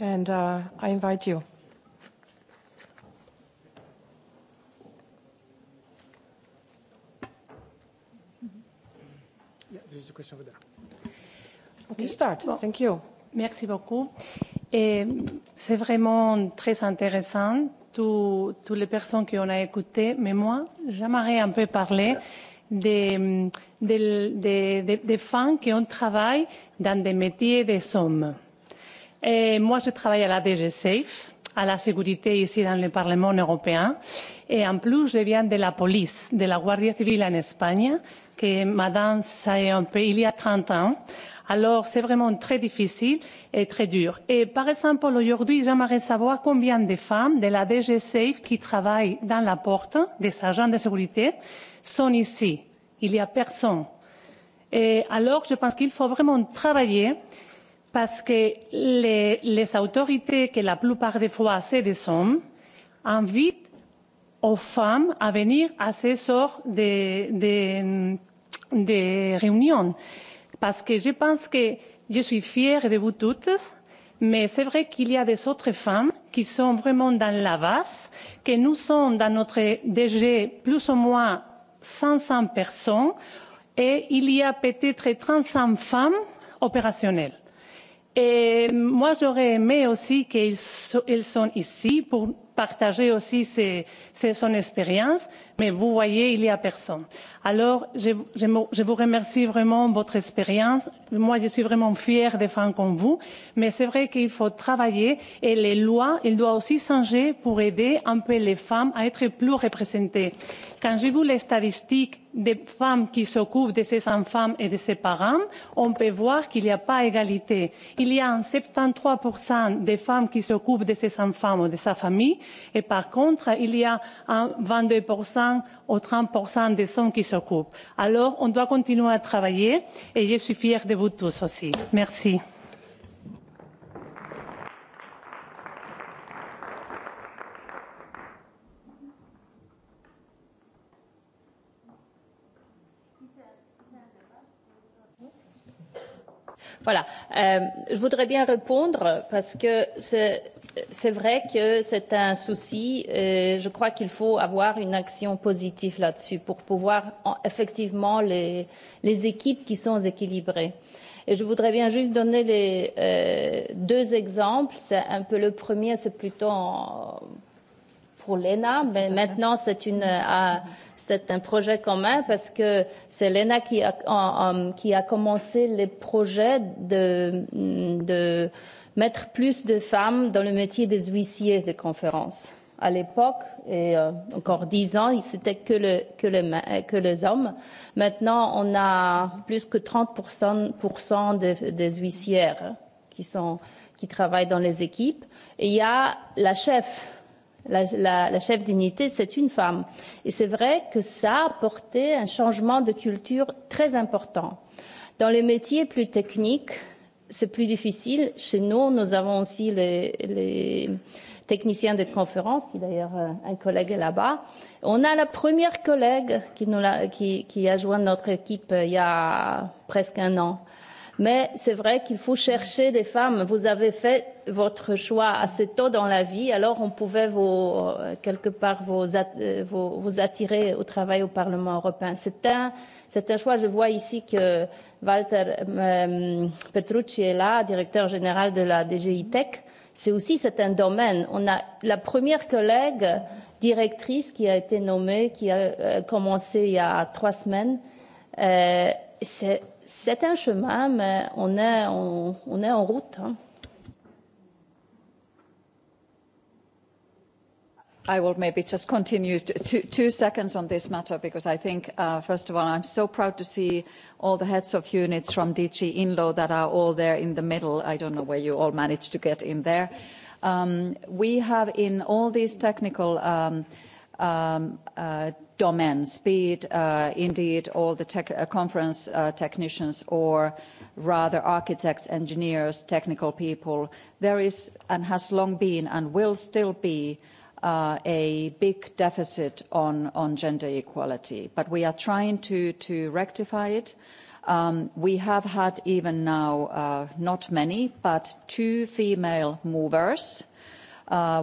A: And uh, I invite you.
G: de questions over there.
H: Okay, start. Bon. Thank you. Merci beaucoup. c'est vraiment très intéressant, tout, toutes les personnes qu'on a écoutées. Mais moi, j'aimerais un peu parler des, des, des, des, des femmes qui ont travaillé dans des métiers des hommes. Et moi, je travaille à la DG Safe, à la sécurité ici dans le Parlement européen. Et en plus, je viens de la police, de la Guardia Civil en Espagne que Madame un peu il y a 30 ans. Alors, c'est vraiment très difficile et très dur. Et par exemple, aujourd'hui, j'aimerais savoir combien de femmes de la DG Safe qui travaillent dans la porte des agents de sécurité sont ici. Il n'y a personne. Et alors, je pense qu'il faut vraiment travailler parce que les, les autorités, que la plupart des fois, c'est des hommes, invitent aux femmes à venir à ces sortes de, de, de réunions. Parce que je pense que je suis fière de vous toutes, mais c'est vrai qu'il y a des autres femmes qui sont vraiment dans la vase, que nous sommes dans notre DG plus ou moins 500 personnes et il y a peut-être 35 femmes opérationnelles. Et moi, j'aurais aimé aussi qu'elles soient ici pour partager aussi son expérience mais vous voyez il n'y a personne. Alors, je, je, je vous remercie vraiment de votre expérience. Moi, je suis vraiment fière des femmes comme vous. Mais c'est vrai qu'il faut travailler et les lois, elles doivent aussi changer pour aider un peu les femmes à être plus représentées. Quand j'ai vu les statistiques des femmes qui s'occupent de ces enfants et de ses parents, on peut voir qu'il n'y a pas égalité. Il y a 73% des femmes qui s'occupent de ces enfants ou de sa famille, et par contre, il y a 22% ou 30% des hommes qui s'occupent préoccupe. alors on doit continuer à travailler et je suis fière de vous tous aussi. merci.
F: Voilà. Euh, je voudrais bien répondre parce que c'est c'est vrai que c'est un souci. Et je crois qu'il faut avoir une action positive là-dessus pour pouvoir effectivement les, les équipes qui sont équilibrées. Et je voudrais bien juste donner les euh, deux exemples. C'est un peu le premier, c'est plutôt en, pour l'ENA, mais maintenant c'est une à, c'est un projet commun parce que c'est l'ENA qui a, qui a commencé les projets de, de euh, mettre plus de femmes dans le métier des huissiers de conférences. À l'époque, et euh, encore dix ans, c'était que, le, que, le, que les hommes. Maintenant, on a plus que 30% des, des huissières qui, sont, qui travaillent dans les équipes. Et il y a la chef la, la, la chef d'unité, c'est une femme. Et c'est vrai que ça a apporté un changement de culture très important. Dans les métiers plus techniques, c'est plus difficile. Chez nous, nous avons aussi les, les techniciens de conférence, qui d'ailleurs un collègue est là-bas. On a la première collègue qui, nous a, qui, qui a joint notre équipe il y a presque un an. Mais c'est vrai qu'il faut chercher des femmes. Vous avez fait votre choix assez tôt dans la vie, alors on pouvait vous, quelque part vous, vous, vous attirer au travail au Parlement européen. C'est un, un choix. Je vois ici que Walter Petrucci est là, directeur général de la DGI Tech. C'est aussi c'est un domaine. On a la première collègue directrice qui a été nommée, qui a commencé il y a trois semaines. Euh, c'est, un chemin, mais on est, on, on est en route. Hein. I will maybe just
I: continue two, two seconds on this matter because I think, uh, first of all, I'm so proud to see all the heads of units from DG INLO that are all there in the middle. I don't know where you all managed to get in there. We have in all these technical domains, speed uh indeed all the tech conference technicians or rather architects, engineers, technical people, there is and has long been and will still be a big deficit on gender equality, but we are trying to rectify it. We have had even now, not many, but two female movers.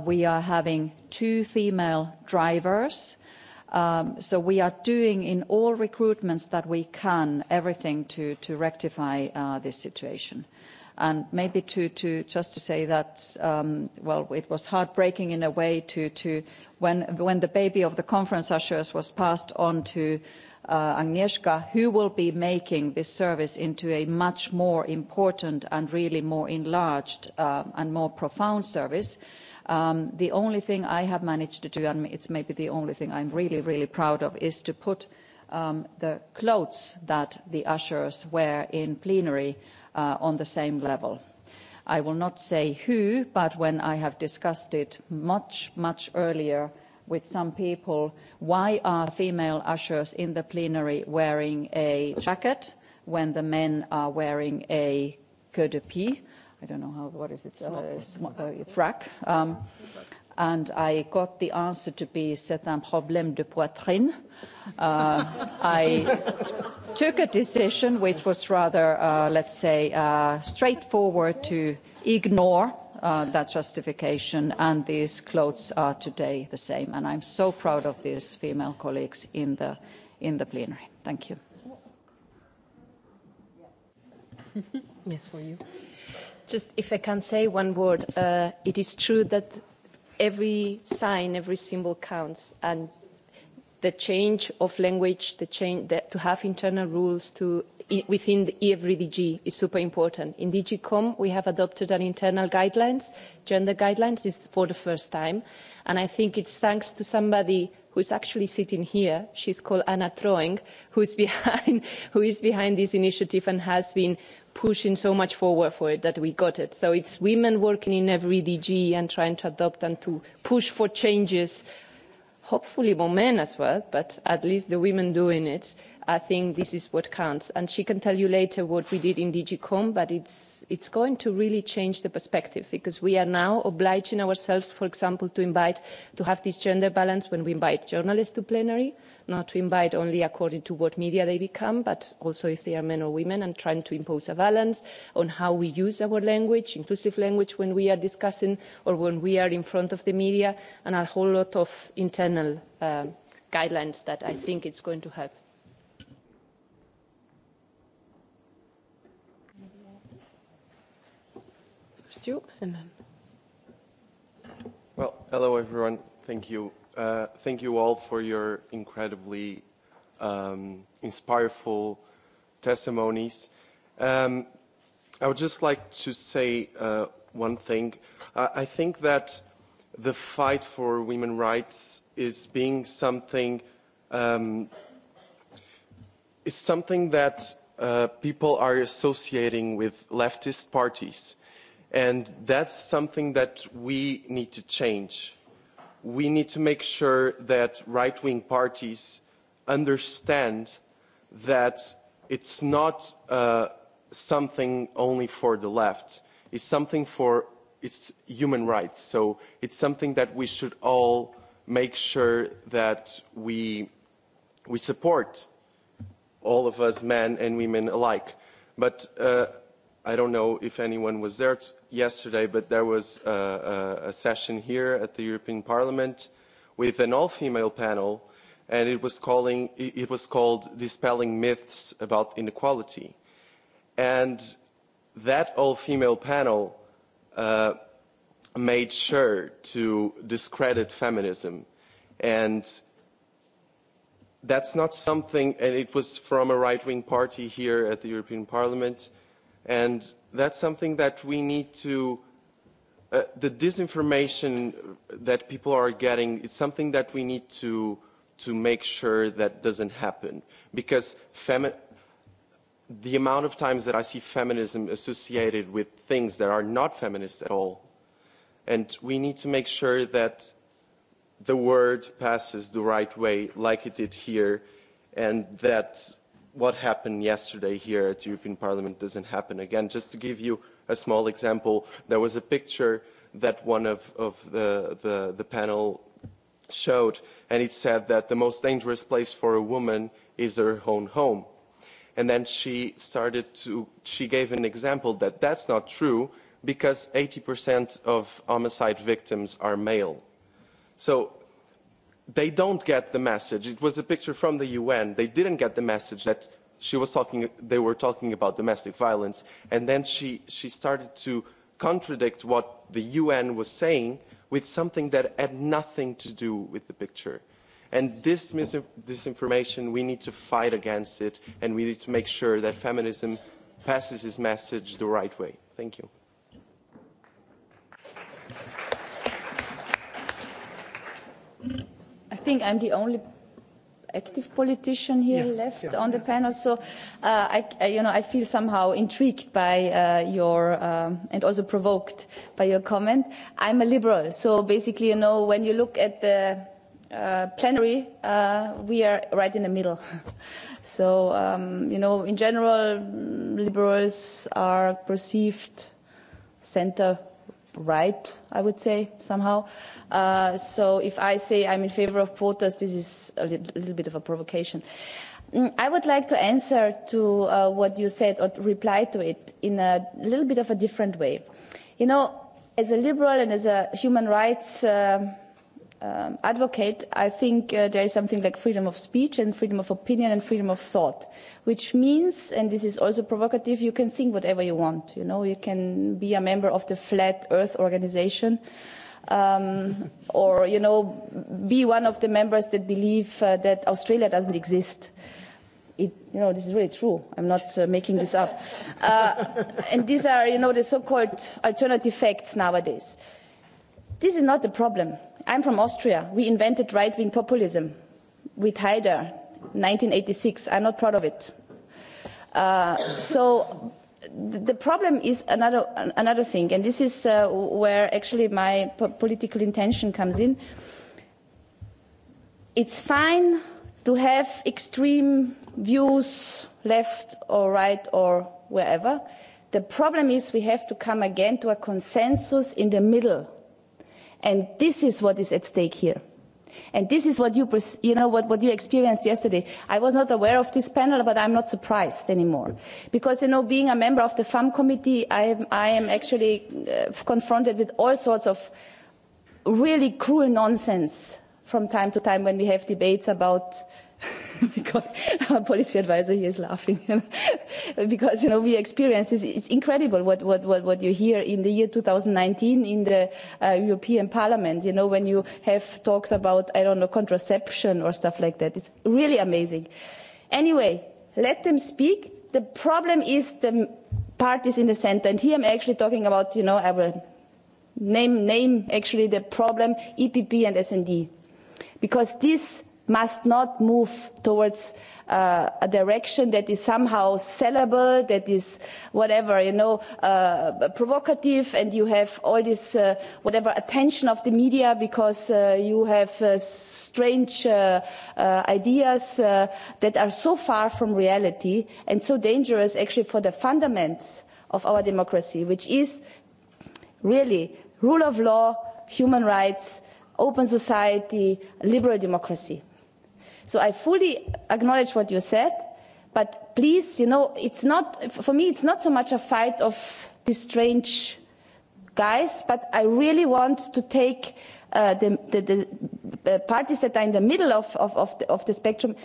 I: We are having two female drivers. So we are doing in all recruitments that we can everything to rectify this situation. And maybe to to just to say that, um well, it was heartbreaking in a way to to when when the baby of the conference ushers was passed on to uh Agnieszka, who will be making this service into a much more important and really more enlarged uh and more profound service. Um The only thing I have managed to do, and it's maybe the only thing I'm really, really proud of, is to put um the clothes that the ushers wear in plenary on the same level. I will not say who, but when I have discussed it much, much earlier with some people, why are female ushers in the plenary wearing a jacket when the men are wearing a queue de pied? I don't know how, what is it? Frac and I got the answer to be c'est un problème de poitrine. Uh, I took a decision which was rather, uh, let's say, uh, straightforward to ignore uh, that justification, and these clothes are today the same. And I'm so proud of these female colleagues in the, in the plenary. Thank you.
A: yes, for you.
E: Just if I can say one word, uh, it is true that every sign, every symbol counts, and the change of language, the change that to have internal rules to within the every DG is super important. In DG Com, we have adopted an internal guidelines, gender guidelines, is for the first time, and I think it's thanks to somebody who's actually sitting here. She's called Anna Troing, who's behind, who is behind this initiative and has been pushing so much forward for it that we got it. So it's women working in every DG and trying to adopt and to push for changes, hopefully more men as well, but at least the women doing it I think this is what counts. And she can tell you later what we did in Digicom, but it's, it's going to really change the perspective because we are now obliging ourselves, for example, to invite, to have this gender balance when we invite journalists to plenary, not to invite only according to what media they become, but also if they are men or women, and trying to impose a balance on how we use our language, inclusive language, when we are discussing or when we are in front of the media, and a whole lot of internal guidelines that I think it's going to help.
A: Stu,
J: and then.
K: Well, hello everyone. Thank you. Uh, thank you all for your incredibly um, inspireful testimonies. Um, I would just like to say uh, one thing. I, I think that the fight for women's rights is being something um, is something that uh, people are associating with leftist parties And that's something that we need to change. We need to make sure that right-wing parties understand that it's not uh, something only for the left. It's something for it's human rights. So it's something that we should all make sure that we we support all of us, men and women alike. But uh, I don't know if anyone was there yesterday, but there was a, a session here at the European Parliament with an all-female panel, and it was, calling, it was called Dispelling Myths About Inequality. And that all-female panel uh, made sure to discredit feminism. And that's not something, and it was from a right-wing party here at the European Parliament, And that's something that we need to, uh, the disinformation that people are getting, it's something that we need to, to make sure that doesn't happen. Because femi- the amount of times that I see feminism associated with things that are not feminist at all, and we need to make sure that the word passes the right way, like it did here, and that what happened yesterday here at the European Parliament doesn't happen again. Just to give you a small example, there was a picture that one of, of the, the, the panel showed, and it said that the most dangerous place for a woman is her own home. And then she started to, she gave an example that that's not true because 80% of homicide victims are male. So they don't get the message. It was a picture from the UN. They didn't get the message that she was talking, they were talking about domestic violence. And then she, she started to contradict what the UN was saying with something that had nothing to do with the picture. And this disinformation, we need to fight against it, and we need to make sure that feminism passes its message the right way. Thank you.
C: Thank you think I'm the only active politician here yeah, left yeah, on the panel. So, uh, I, I, you know, I feel somehow intrigued by uh, your um, and also provoked by your comment. I'm a liberal, so basically, you know, when you look at the uh, plenary, uh, we are right in the middle. so, um, you know, in general, liberals are perceived center right, I would say, somehow. Uh, so if I say I'm in favor of quotas, this is a little bit of a provocation. I would like to answer to uh, what you said or to reply to it in a little bit of a different way. You know, as a liberal and as a human rights uh, um, advocate, I think uh, there is something like freedom of speech and freedom of opinion and freedom of thought, which means, and this is also provocative, you can think whatever you want. You know, you can be a member of the Flat Earth Organization, um, or you know, be one of the members that believe uh, that Australia doesn't exist. It, you know, this is really true. I'm not uh, making this up. Uh, and these are, you know, the so-called alternative facts nowadays. This is not the problem I'm from Austria. We invented right-wing populism with Haider, in 1986. I'm not proud of it. Uh, so the problem is another, another thing, and this is uh, where actually my po political intention comes in. It's fine to have extreme views, left or right or wherever. The problem is we have to come again to a consensus in the middle And this is what is at stake here. And this is what you, you know, what, what you experienced yesterday. I was not aware of this panel, but I'm not surprised anymore. Because, you know, being a member of the FAM committee, I am, I am actually uh, confronted with all sorts of really cruel nonsense from time to time when we have debates about because our policy advisor here is laughing because you know we experience this it's incredible what what what what you hear in the year 2019 in the uh, european parliament you know when you have talks about i don't know contraception or stuff like that it's really amazing anyway let them speak the problem is the parties in the center and here i'm actually talking about you know i will name name actually the problem epp and SND because this must not move towards uh, a direction that is somehow sellable, that is whatever, you know, uh, provocative, and you have all this, uh, whatever, attention of the media because uh, you have uh, strange uh, uh, ideas uh, that are so far from reality and so dangerous actually for the fundaments of our democracy, which is really rule of law, human rights, open society, liberal democracy. So I fully acknowledge what you said, but please, you know, it's not, for me, it's not so much a fight of these strange guys, but I really want to take uh, the, the, the parties that are in the middle of, of, of, the, of the spectrum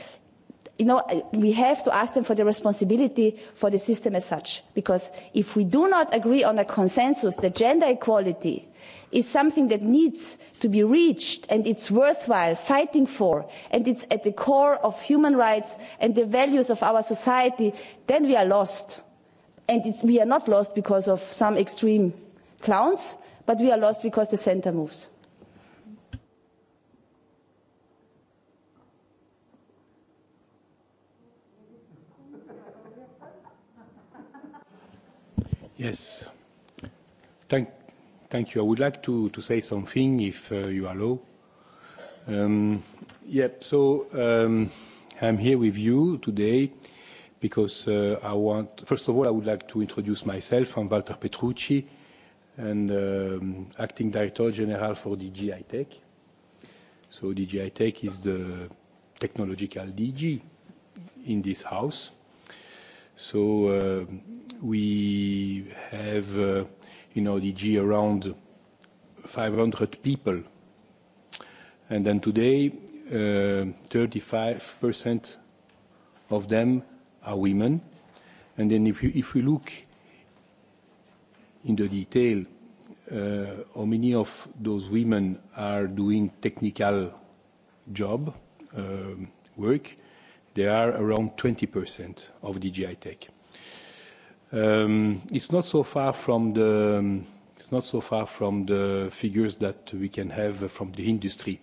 C: you know, we have to ask them for the responsibility for the system as such. Because if we do not agree on a consensus that gender equality is something that needs to be reached and it's worthwhile fighting for and it's at the core of human rights and the values of our society, then we are lost. And it's, we are not lost because of some extreme clowns, but we are lost because the centre moves.
L: Yes. Thank thank you. I would like to to say something, if uh you allow. Um Yep, so um I'm here with you today because uh I want... First of all, I would like to introduce myself. I'm Walter Petrucci, and um Acting Director General for DG tech So DG tech is the technological DG in this house, So we have in ODG around 500 people. And then today, 35% of them are women. And then if you if we look in the detail, how many of those women are doing technical job, work, They are around 20% of DJI Tech. It's not so far from the figures that we can have from the industry,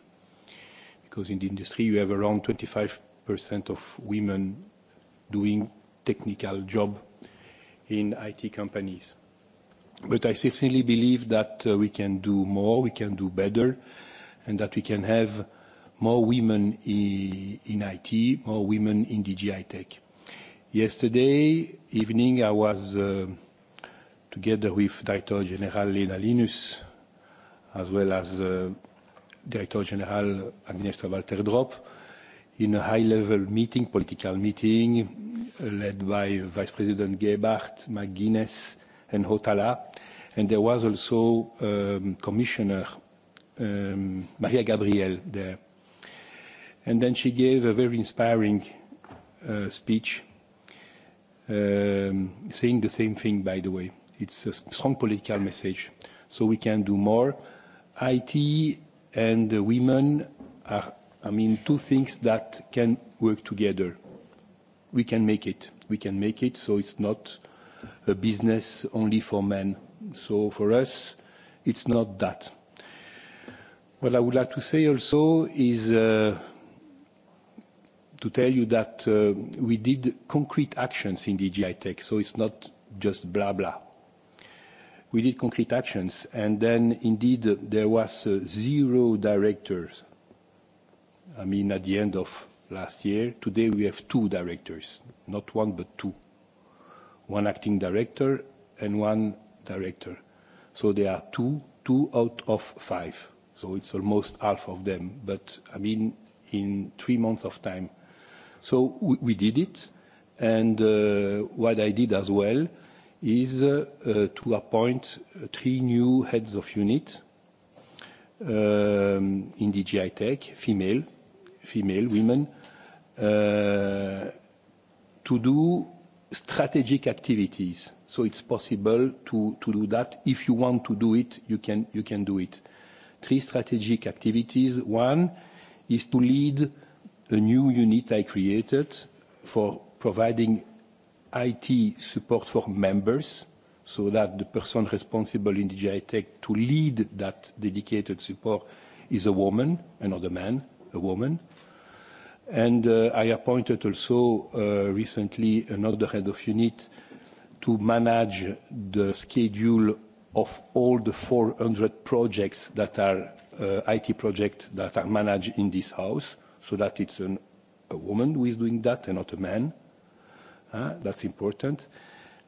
L: because in the industry, you have around 25% of women doing technical job in IT companies. But I certainly believe that we can do more, we can do better, and that we can have more women in IT, more women in DG tech Yesterday evening, I was together with Director General Lena Linus, as well as Director General Agnieszka Walter-Drop, in a high-level meeting, political meeting, led by Vice President Gebhardt, McGuinness, and Hautala. And there was also um, Commissioner um, Maria Gabriel there. And then she gave a very inspiring uh, speech, saying the same thing, by the way. It's a strong political message. So we can do more. IT and women are, I mean, two things that can work together. We can make it. We can make it so it's not a business only for men. So for us, it's not that. What I would like to say also is uh, to tell you that we did concrete actions in DGI Tech, so it's not just blah, blah. We did concrete actions, and then indeed, there was zero directors, I mean, at the end of last year. Today, we have two directors, not one, but two. One acting director and one director. So there are two, two out of five, so it's almost half of them. But, I mean, in three months of time, So we did it, and what I did as well is to appoint three new heads of unit in DJI Tech, female women, to do strategic activities. So it's possible to do that. If you want to do it, you can do it. Three strategic activities. One is to lead a new unit I created for providing IT support for members, so that the person responsible in Tech to lead that dedicated support is a woman, another man, a woman. And I appointed also recently another head of unit to manage the schedule of all the 400 projects that are IT projects that are managed in this house so that it's an, a woman who is doing that and not a man. Uh, that's important.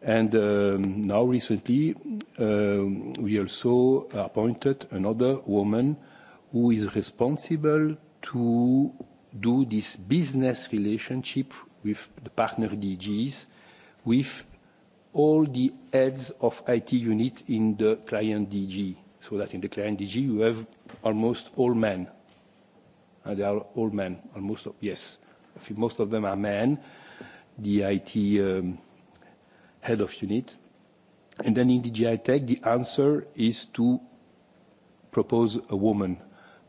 L: And um, now recently, um, we also appointed another woman who is responsible to do this business relationship with the partner DGs, with all the heads of IT unit in the client DG. So that in the client DG, you have almost all men They are all men, almost. Yes. I think most of them are men, the IT head of unit. And then in DJI Tech, the answer is to propose a woman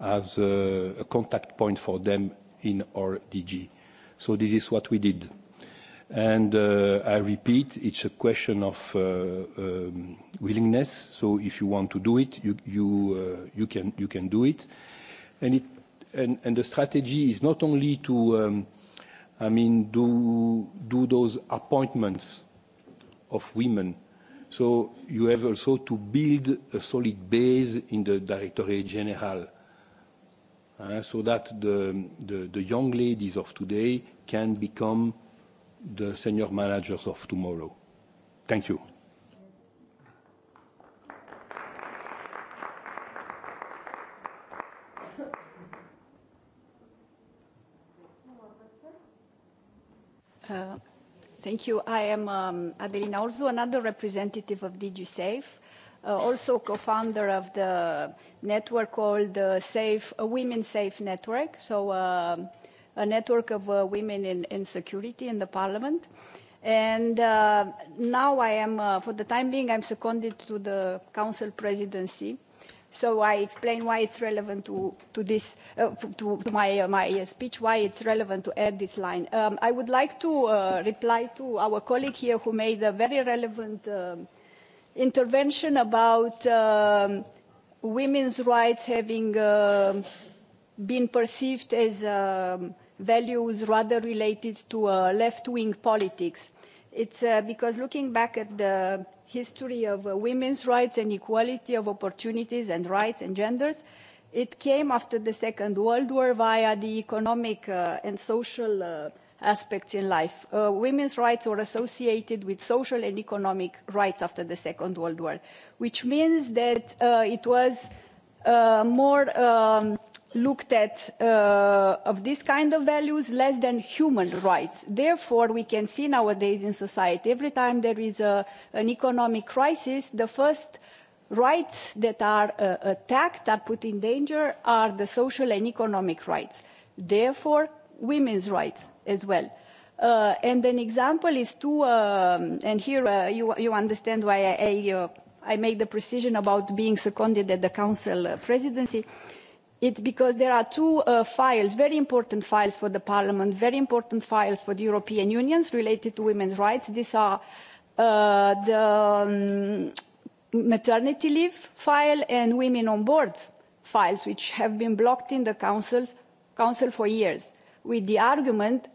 L: as a contact point for them in our DG. So this is what we did. And I repeat, it's a question of willingness. So if you want to do it, you can do it. And it and the strategy is not only to, I mean, do those appointments of women. So you have also to build a solid base in the Directorate General, so that the young ladies of today can become the senior managers of tomorrow. Thank you.
M: Uh, thank you. I am um, Adelina Orzu, another representative of DigiSafe, uh, also co-founder of the network called uh, Safe, a Women Safe Network, so uh, a network of uh, women in, in security in the parliament. And uh, now I am, uh, for the time being, I'm seconded to the council presidency So I explain why it's relevant to, to this, uh, to, to my, uh, my speech, why it's relevant to add this line. Um, I would like to uh, reply to our colleague here who made a very relevant uh intervention about um, women's rights having uh, been perceived as um, values rather related to uh, left-wing politics. It's uh, because looking back at the history of uh women's rights and equality of opportunities and rights and genders. It came after the Second World War via the economic uh, and social uh, aspects in life. Uh, women's rights were associated with social and economic rights after the Second World War, which means that uh, it was uh, more um, looked at uh, of these kind of values less than human rights. Therefore, we can see nowadays in society, every time there is a, an economic crisis, the first rights that are uh, attacked, are put in danger, are the social and economic rights. Therefore, women's rights as well. Uh, and an example is to, um, and here uh, you, you understand why I, I, uh, I make the precision about being seconded at the Council presidency. Uh, it's because there are two uh, files, very important files for the Parliament, very important files for the European Union related to women's rights. These are uh, the um, maternity leave file and women on board files, which have been blocked in the councils, Council for years, with the argument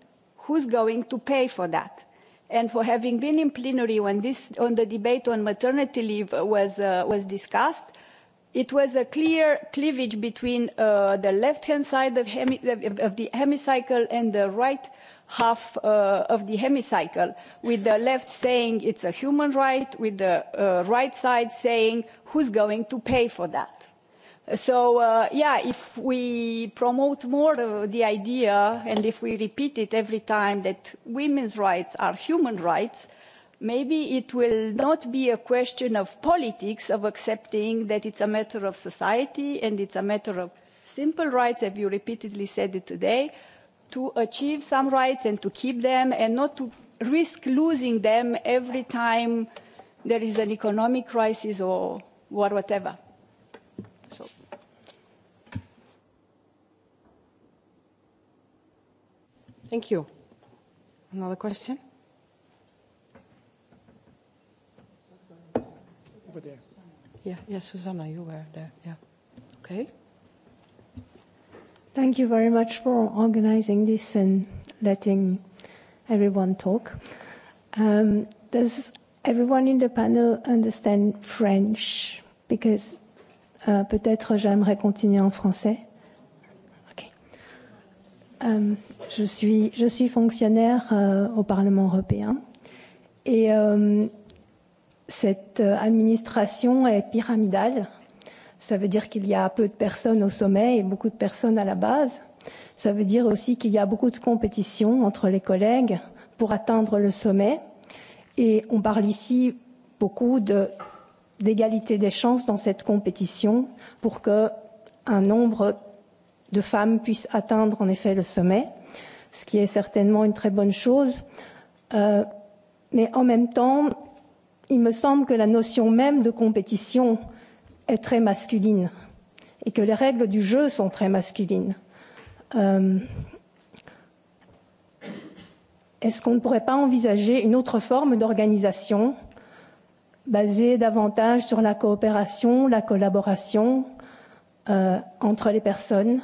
M: who's going to pay for that? And for having been in plenary when this, on the debate on maternity leave was, uh, was discussed, it was a clear cleavage between uh, the left-hand side of, hemi of the hemicycle and the right half uh, of the hemicycle, with the left saying it's a human right, with the uh, right side saying who's going to pay for that. So, uh, yeah, if we promote more uh, the idea and if we repeat it every time that women's rights are human rights, uh, maybe it will not be a question of politics of accepting that it's a matter of society and it's a matter of simple rights as you repeatedly said it today to achieve some rights and to keep them and not to risk losing them every time there is an economic crisis or whatever.
A: Thank you. Another question? over there. Yeah, yeah, Susanna, you were there. Yeah. Okay.
N: Thank you very much for organizing this and letting everyone talk. Um, does everyone in the panel understand French? Because uh, peut-être j'aimerais continuer en français. Okay. Um, je, suis, je suis fonctionnaire uh, au Parlement européen et um, cette administration est pyramidale. Ça veut dire qu'il y a peu de personnes au sommet et beaucoup de personnes à la base. Ça veut dire aussi qu'il y a beaucoup de compétition entre les collègues pour atteindre le sommet. Et on parle ici beaucoup de, d'égalité des chances dans cette compétition pour que un nombre de femmes puissent atteindre en effet le sommet, ce qui est certainement une très bonne chose. Euh, mais en même temps, il me semble que la notion même de compétition est très masculine et que les règles du jeu sont très masculines. Euh, Est-ce qu'on ne pourrait pas envisager une autre forme d'organisation basée davantage sur la coopération, la collaboration euh, entre les personnes,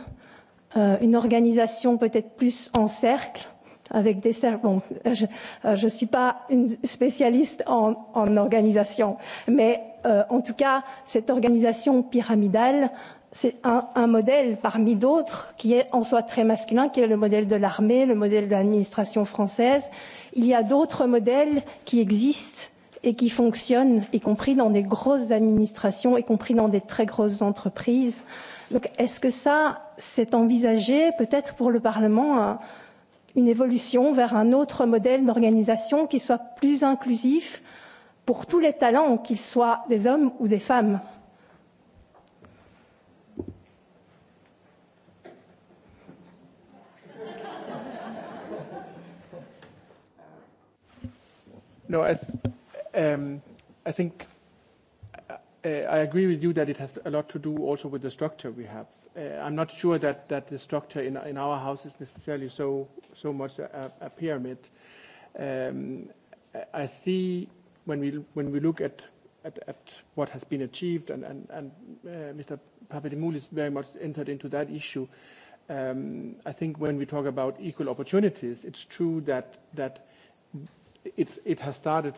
N: euh, une organisation peut-être plus en cercle, avec des sermons. Je ne suis pas une spécialiste en, en organisation, mais euh, en tout cas, cette organisation pyramidale, c'est un, un modèle parmi d'autres qui est en soi très masculin, qui est le modèle de l'armée, le modèle de l'administration française. Il y a d'autres modèles qui existent et qui fonctionnent, y compris dans des grosses administrations, y compris dans des très grosses entreprises. Donc, est-ce que ça, c'est envisagé peut-être pour le Parlement hein, une évolution vers un autre modèle d'organisation qui soit plus inclusif pour tous les talents, qu'ils soient des hommes ou des femmes.
G: No, as, um, I think I agree with you that it has a lot to do also with the structure we have. I'm not sure that that the structure in in our house is necessarily so so much a a pyramid. Um I see when we when we look at at at what has been achieved, and and and uh Mr. Papadimoulis very much entered into that issue. Um I think when we talk about equal opportunities, it's true that that it's it has started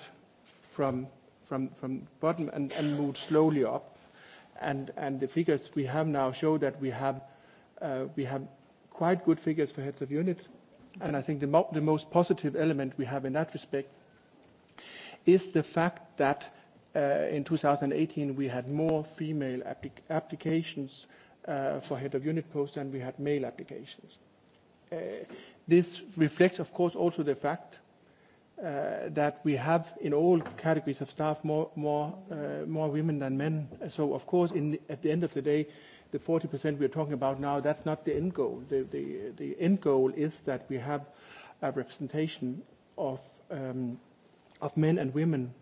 G: from from bottom and moved slowly up. The figures we have now show that we have quite good figures for heads of unit. I think the most positive element we have in that respect is the fact that in 2018, we had more female applications for head of unit posts than we had male applications. This reflects, of course, also the fact uh, that we have in all categories of staff more more uh, more women than men. So of course, in the, at the end of the day, the 40% we're talking about now, that's not the end goal. The the, the end goal is that we have a representation of um, of men and women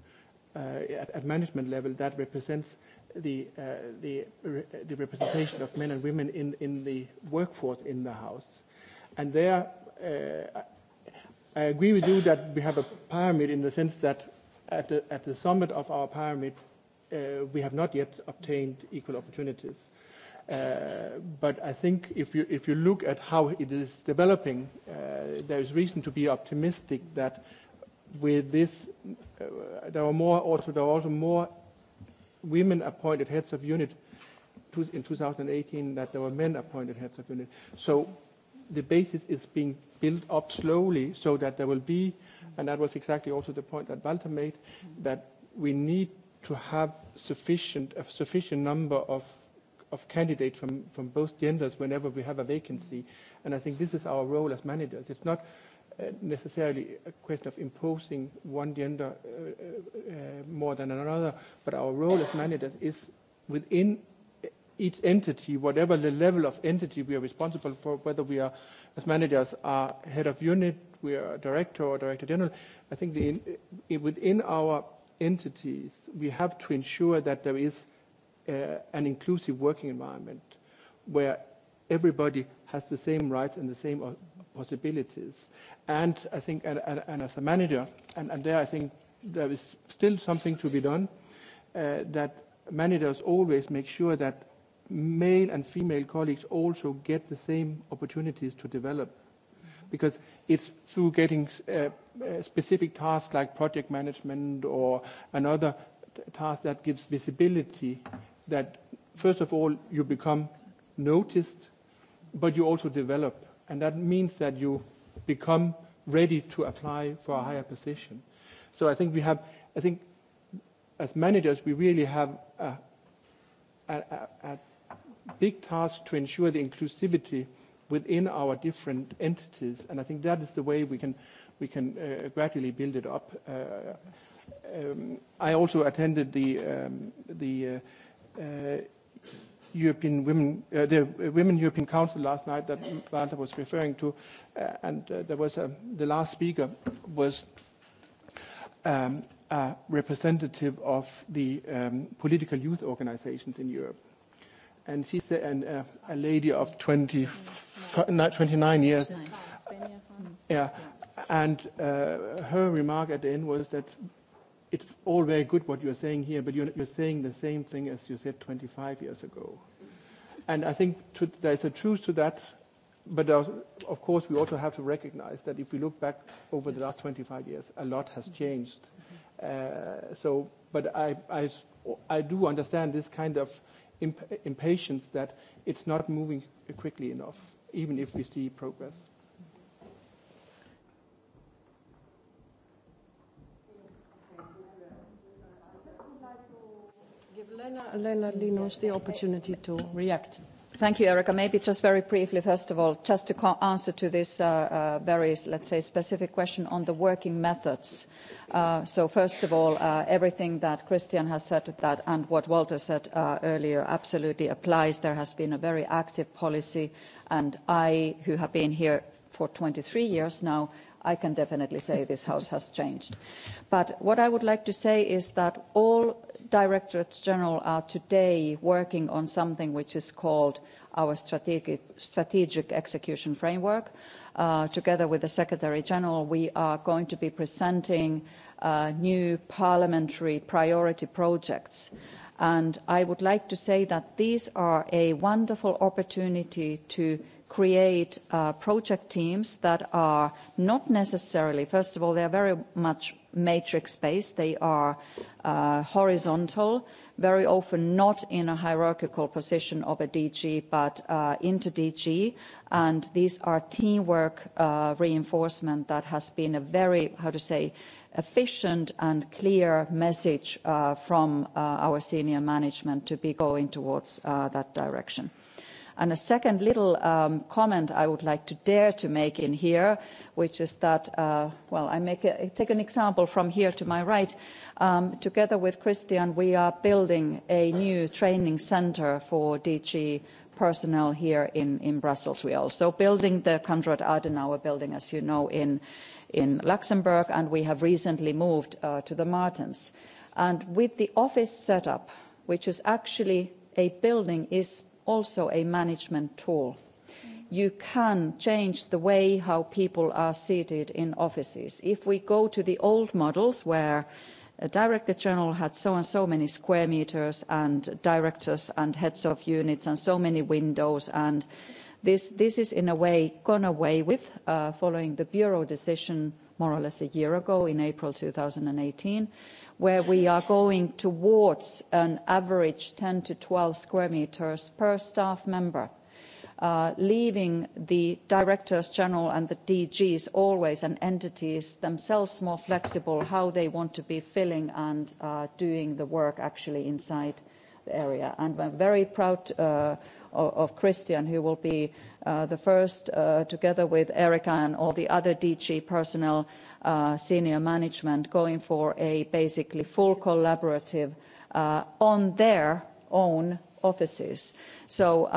G: uh, at, at management level that represents the uh, the re- the representation of men and women in in the workforce in the house, and there. Uh, I agree with you that we have a pyramid in the sense that at the, at the summit of our pyramid, uh, we have not yet obtained equal opportunities. Uh, but I think if you, if you look at how it is developing, uh, there is reason to be optimistic that with this, uh, there are more also there are also more women appointed heads of unit to, in 2018 that there were men appointed heads of unit. So the basis is being built up slowly so that there will be, and that was exactly also the point that Walter made, that we need to have sufficient a sufficient number of of candidates from from both genders whenever we have a vacancy. And I think this is our role as managers. It's not necessarily a question of imposing one gender uh, uh, more than another, but our role as managers is within each entity, whatever the level of entity we are responsible for, whether we are, as managers, are head of unit, we are director or director general, I think the, in, within our entities, we have to ensure that there is uh, an inclusive working environment where everybody has the same rights and the same possibilities. And I think, and, and, and as a manager, and, and there I think there is still something to be done, uh, that managers always make sure that male and female colleagues also get the same opportunities to develop because it's through getting uh, specific tasks like project management or another task that gives visibility that first of all you become noticed but you also develop and that means that you become ready to apply for a higher position so i think we have i think as managers we really have a, a, a, a big task to ensure the inclusivity within our different entities. And I think that is the way we can, we can uh, gradually build it up. Uh, um, I also attended the, um, the uh, uh, European Women, uh, the Women European Council last night that Martha was referring to, uh, and uh, there was a, the last speaker was um, a representative of the um, political youth organizations in Europe and she's a, and, uh, a lady of 20, 29 years. Yeah, and uh, her remark at the end was that it's all very good what you're saying here, but you're, you're saying the same thing as you said 25 years ago. And I think to, there's a truth to that, but of course we also have to recognize that if we look back over the last 25 years, a lot has changed. Uh, so, but I, I, I do understand this kind of imp- impatience that it's not moving quickly enough, even if we see progress.
A: Give Lena, Lena Linos the opportunity
I: to react. Thank you, Erica. Maybe just very briefly, first of all, just to answer to this very, let's say, specific question on the working methods. So first of all, everything that Christian has said that and what Walter said earlier absolutely applies. There has been a very active policy, and I, who have been here for 23 years now, I can definitely say this house has changed. But what I would like to say is that all directorates general are today working on something which is called our strategic execution framework. Together with the Secretary General, we are going to be presenting new parliamentary priority projects. And I would like to say that these are a wonderful opportunity to create uh, project teams that are not necessarily, first of all, they are very much matrix based, they are uh, horizontal, very often not in a hierarchical position of a DG, but uh, into DG. And these are teamwork uh, reinforcement that has been a very, how to say, efficient and clear message uh, from uh, our senior management to be going towards uh, that direction. And a second little um, comment I would like to dare to make in here, which is that, uh, well, I make a, take an example from here to my right. Um, together with Christian, we are building a new training center for DG personnel here in, in Brussels. We are also building the Konrad Adenauer building, as you know, in, in Luxembourg, and we have recently moved uh, to the Martens. And with the office setup, which is actually a building is also a management tool. You can change the way how people are seated in offices. If we go to the old models where a director general had so and so many square meters and directors and heads of units and so many windows and this this is in a way gone away with uh, following the bureau decision more or less a year ago in April 2018 where we are going towards an average 10 to 12 square meters per staff member, leaving the directors general and the DGs always and entities themselves more flexible how they want to be filling and doing the work actually inside the area. I'm very proud of Christian, who will be the first, together with Erika and all the other DG personnel, senior management, going for a basically full collaborative on their own offices. So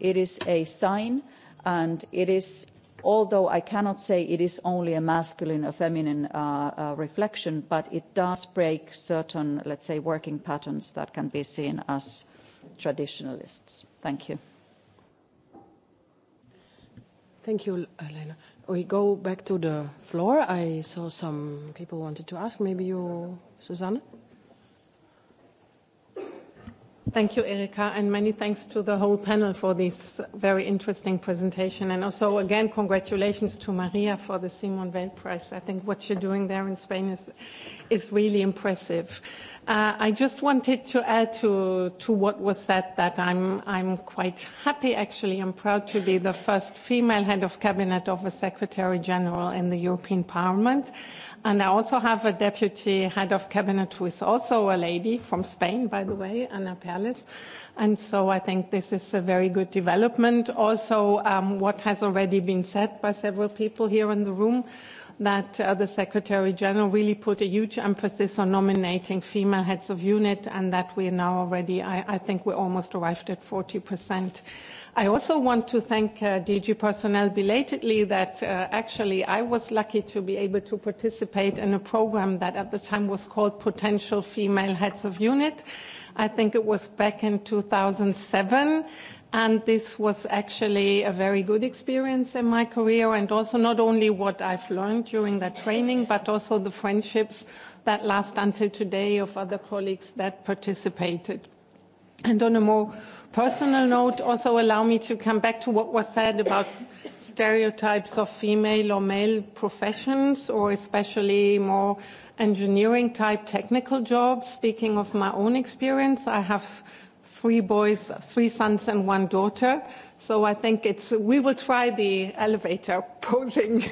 I: it is a sign, and it is although I cannot say it is only a masculine or feminine reflection, but it does break certain, let's say, working patterns that can be seen as traditionalists.
A: Thank you. Thank you, Elena. We go back to the floor. I saw some people wanted to ask. Maybe you,
J: Susanne? Thank you, Erika, and many thanks to the whole panel for this very interesting presentation. And also, again, congratulations to Maria for the Simon Weil Prize. I think what you're doing there in Spain is, is really impressive. Uh, I just wanted to add to, to what was said that I'm, I'm quite happy, actually. I'm proud to be the first female head of cabinet of a secretary general in the European Parliament. And I also have a deputy head of cabinet who is also a lady from Spain, by the way, Ana Perles. And so I think this is a very good development. Also, um, what has already been said by several people here in the room, that uh, the Secretary General really put a huge emphasis on nominating female heads of unit, and that we are now already, I, I think we almost arrived at 40 percent I also want to thank uh, DG Personnel belatedly that uh, actually I was lucky to be able to participate in a program that at the time was called Potential Female Heads of Unit. I think it was back in 2007. And this was actually a very good experience in my career, and also not only what I've learned during that training, but also the friendships that last until today of other colleagues that participated. And on a more personal note, also allow me to come back to what was said about stereotypes of female or male professions, or especially more engineering type technical jobs. Speaking of my own experience, I have three boys, three sons, and one daughter. So I think it's we will try the elevator posing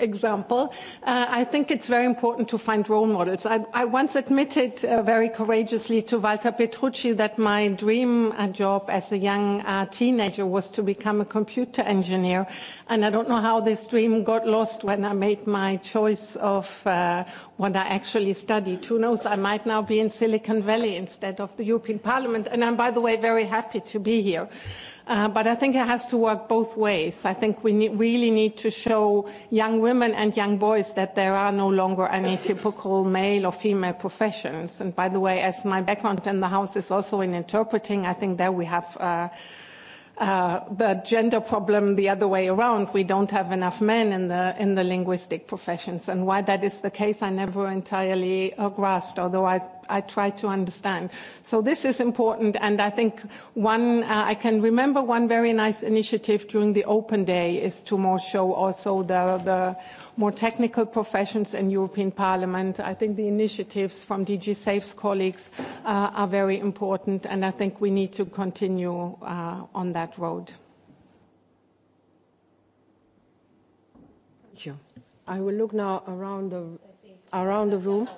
J: example. Uh, I think it's very important to find role models. I, I once admitted uh, very courageously to Walter Petrucci that my dream uh, job as a young uh, teenager was to become a computer engineer, and I don't know how this dream got lost when I made my choice of uh, what I actually studied. Who knows? I might now be in Silicon Valley instead of the European Parliament, and I'm by the way very happy to be here. Uh, but I think it has to work both ways. I think we need, really need to show young women and young boys that there are no longer any typical male or female professions. And by the way, as my background in the House is also in interpreting, I think there we have. Uh, uh, the gender problem the other way around. We don't have enough men in the in the linguistic professions, and why that is the case, I never entirely uh, grasped. Although I I try to understand. So this is important, and I think one uh, I can remember one very nice initiative during the Open Day is to more show also the the more technical professions in European Parliament. I think the initiatives from DG SAFE's colleagues uh, are very important, and I think we need to continue uh, on that road.
A: Thank you. I will look now around the around the room.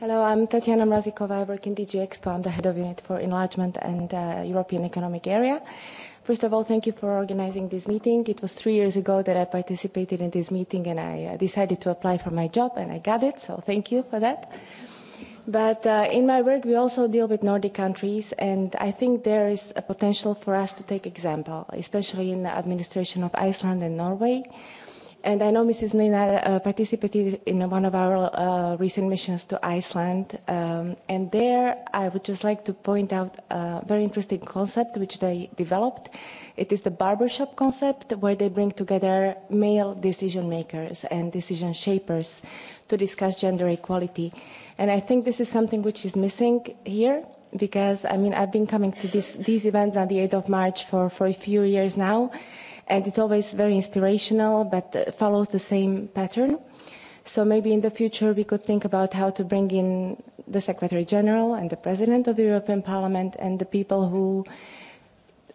O: Hello, I'm Tatiana Mrazikova. I work in DG Expo. I'm the head of unit for enlargement and uh, European Economic Area. First of all, thank you for organizing this meeting. It was three years ago that I participated in this meeting and I uh, decided to apply for my job and I got it, so thank you for that. But uh, in my work, we also deal with Nordic countries, and I think there is a potential for us to take example, especially in the administration of Iceland and Norway And I know Mrs. Mlinar uh, participated in one of our uh, recent missions to Iceland. Um, and there I would just like to point out a very interesting concept which they developed. It is the barbershop concept where they bring together male decision makers and decision shapers to discuss gender equality. And I think this is something which is missing here because, I mean, I've been coming to this, these events on the 8th of March for, for a few years now and it's always very inspirational but follows the same pattern. So maybe in the future we could think about how to bring in the Secretary General and the President of the European Parliament and the people who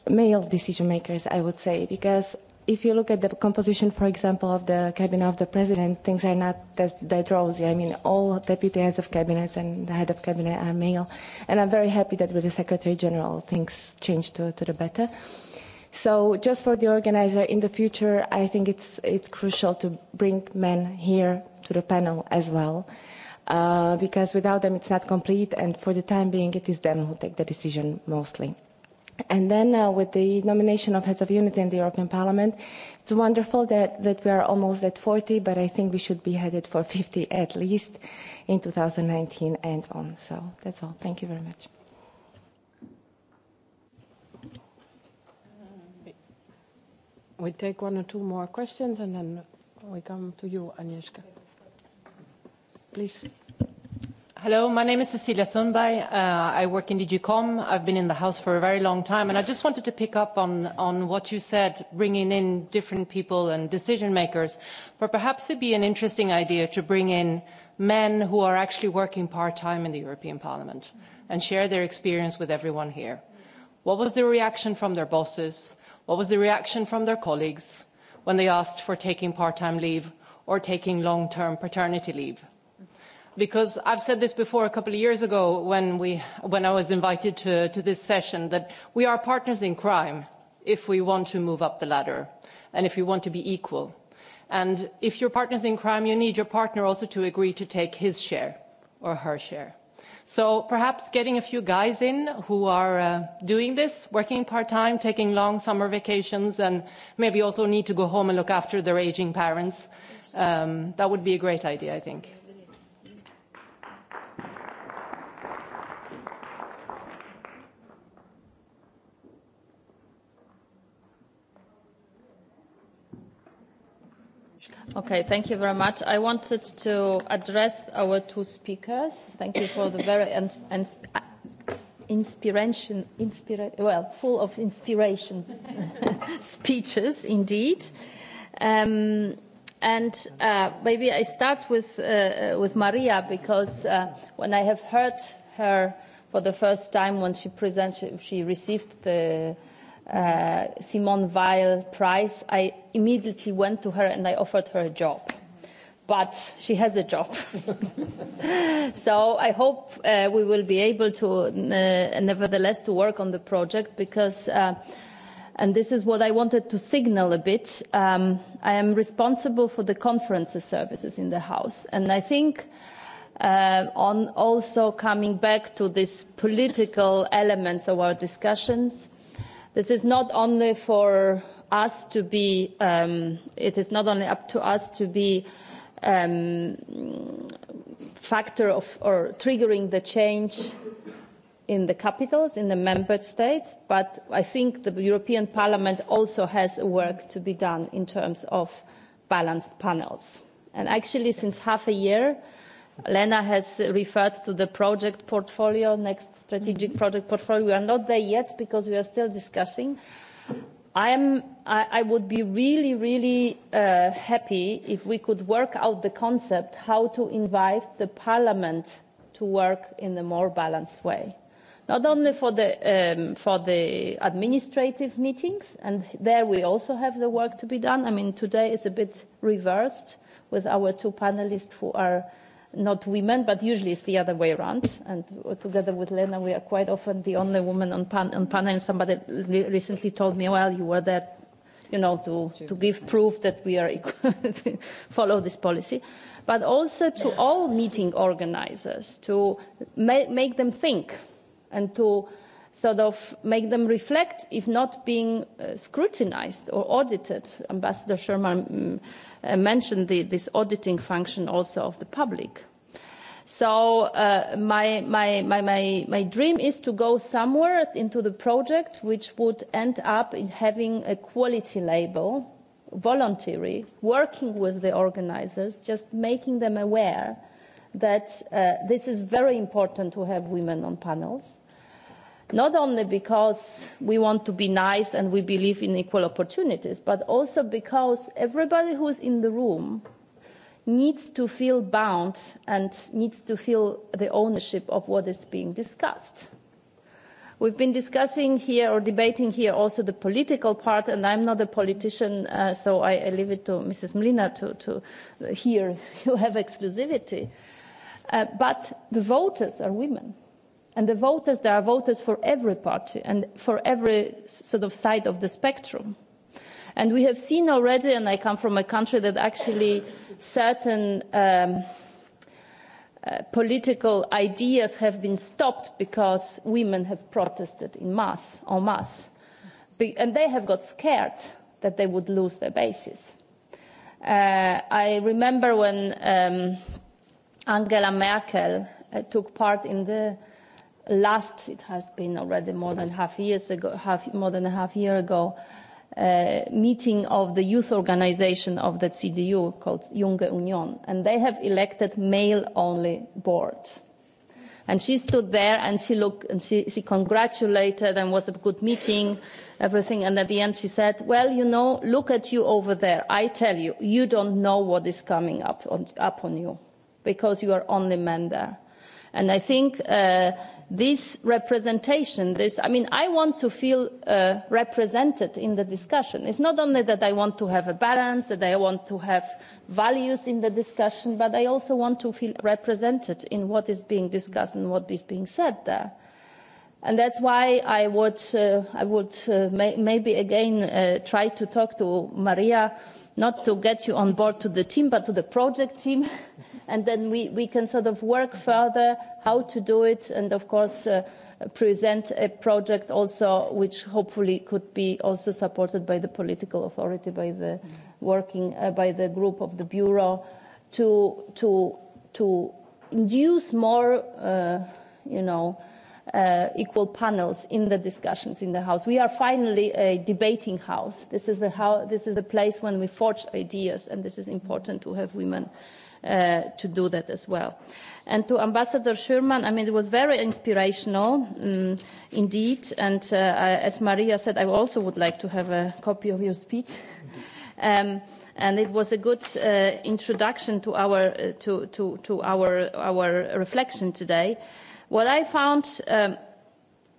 O: male decision makers, I would say, because if you look at the composition, for example, of the cabinet of the president, things are not that, that rosy. I mean, all deputy heads of cabinets and the head of cabinet are male. And I'm very happy that with the secretary general, things changed to, to the better. Uh, So just for the organizer in the future, I think it's, it's crucial to bring men here to the panel as well, uh, because without them it's not complete, and for the time being it is them who take the decision mostly. And then uh, with the nomination of heads of Unity in the European Parliament, it's wonderful that, that we are almost at 40, but I think we should be headed for 50 at least in 2019 and on. So that's all. Thank you very much.
A: we take one or two more questions, and then we come to you, Agnieszka. Please.
P: Hello, my name is Cecilia Sundberg. Uh, I work in Digicom, I've been in the House for a very long time, and I just wanted to pick up on, on what you said, bringing in different people and decision makers. But perhaps it'd be an interesting idea to bring in men who are actually working part-time in the European Parliament and share their experience with everyone here. What was the reaction from their bosses? what was the reaction from their colleagues when they asked for taking part time leave or taking long term paternity leave? Because I've said this before a couple of years ago when, we, when I was invited to, to this session that we are partners in crime if we want to move up the ladder and if we want to be equal. And if you're partners in crime, you need your partner also to agree to take his share or her share So perhaps getting a few guys in who are uh, doing this, working part-time, taking long summer vacations, and maybe also need to go home and look after their aging parents. Um, that would be a great idea, I think.
F: Okay, thank you very much. I wanted to address our two speakers. Thank you for the very ins ins inspiration, inspira well, full of inspiration speeches indeed. Um, and uh, maybe I start with, uh, with Maria because uh, when I have heard her for the first time when she presented, she received the uh, Simone Weil Prize, I immediately went to her and I offered her a job. But she has a job. so I hope uh, we will be able to, uh, nevertheless, to work on the project because, uh, and this is what I wanted to signal a bit, um, I am responsible for the conferences services in the House. And I think uh, on also coming back to this political elements of our discussions, This is not only for us to be, um, it is not only up to us to be um, factor of or triggering the change in the capitals, in the member states, but I think the European Parliament also has work to be done in terms of balanced panels. And actually, since half a year, Lena has referred to the project portfolio, next strategic project portfolio. We are not there yet because we are still discussing. I am I I would be really, really uh happy if we could work out the concept how to invite the parliament to work in a more balanced way. Not only for the um for the administrative meetings, and there we also have the work to be done. I mean, today is a bit reversed with our two panelists who are not women, but usually it's the other way around. And together with Lena, we are quite often the only woman on, pan- on panel. Somebody re- recently told me, well, you were there, you know, to, to give proof that we are equal, follow this policy. But also to all meeting organizers, to ma- make them think and to sort of make them reflect, if not being uh, scrutinized or audited. Ambassador Sherman uh, mentioned the, this auditing function also of the public. So uh, my, my, my, my, my dream is to go somewhere into the project which would end up in having a quality label, voluntary, working with the organizers, just making them aware that uh, this is very important to have women on panels not only because we want to be nice and we believe in equal opportunities, but also because everybody who's in the room needs to feel bound and needs to feel the ownership of what is being discussed. We've been discussing here or debating here also the political part, and I'm not a politician, uh, so I, I leave it to Mrs. Mlina to, to hear you have exclusivity. Uh, but the voters are women And the voters, there are voters for every party and for every sort of side of the spectrum. And we have seen already, and I come from a country that actually certain um, uh, political ideas have been stopped because women have protested in mass, en masse. Be- and they have got scared that they would lose their bases. Uh, I remember when um, Angela Merkel uh, took part in the last, it has been already more than half years ago, half, more than a half year ago, uh, meeting of the youth organization of the CDU called Junge Union, and they have elected male-only board. And she stood there and she looked and she, she congratulated and was a good meeting, everything. And at the end she said, well, you know, look at you over there. I tell you, you don't know what is coming up on, up on you because you are only men there. And I think uh, this representation this i mean i want to feel uh, represented in the discussion it's not only that i want to have a balance that i want to have values in the discussion but i also want to feel represented in what is being discussed and what is being said there and that's why i would uh, i would uh, may, maybe again uh, try to talk to maria not to get you on board to the team but to the project team and then we, we can sort of work further how to do it, and of course, uh, present a project also which hopefully could be also supported by the political authority, by the working, uh, by the group of the bureau, to to to induce more, uh, you know, uh, equal panels in the discussions in the house. We are finally a debating house. This is the how, this is the place when we forge ideas, and this is important to have women. Uh, uh, to do that as well. And to Ambassador Sherman, I mean, it was very inspirational um, indeed. And uh, as Maria said, I also would like to have a copy of your speech. Um, and it was a good uh, introduction to our uh, to, to, to our our reflection today. What I found um,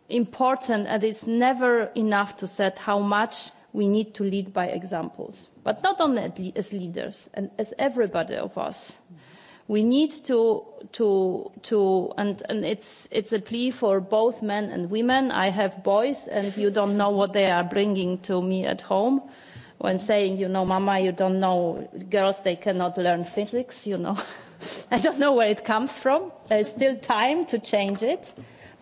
F: important, and it's never enough to say how much we need to lead by examples. But not only as leaders, and as everybody of us. We need to, to, to and, and it's, it's a plea for both men and women. I have boys, and you don't know what they are bringing to me at home when saying, you know, Mama, you don't know, girls, they cannot learn physics, you know. I don't know where it comes from. There's still time to change it.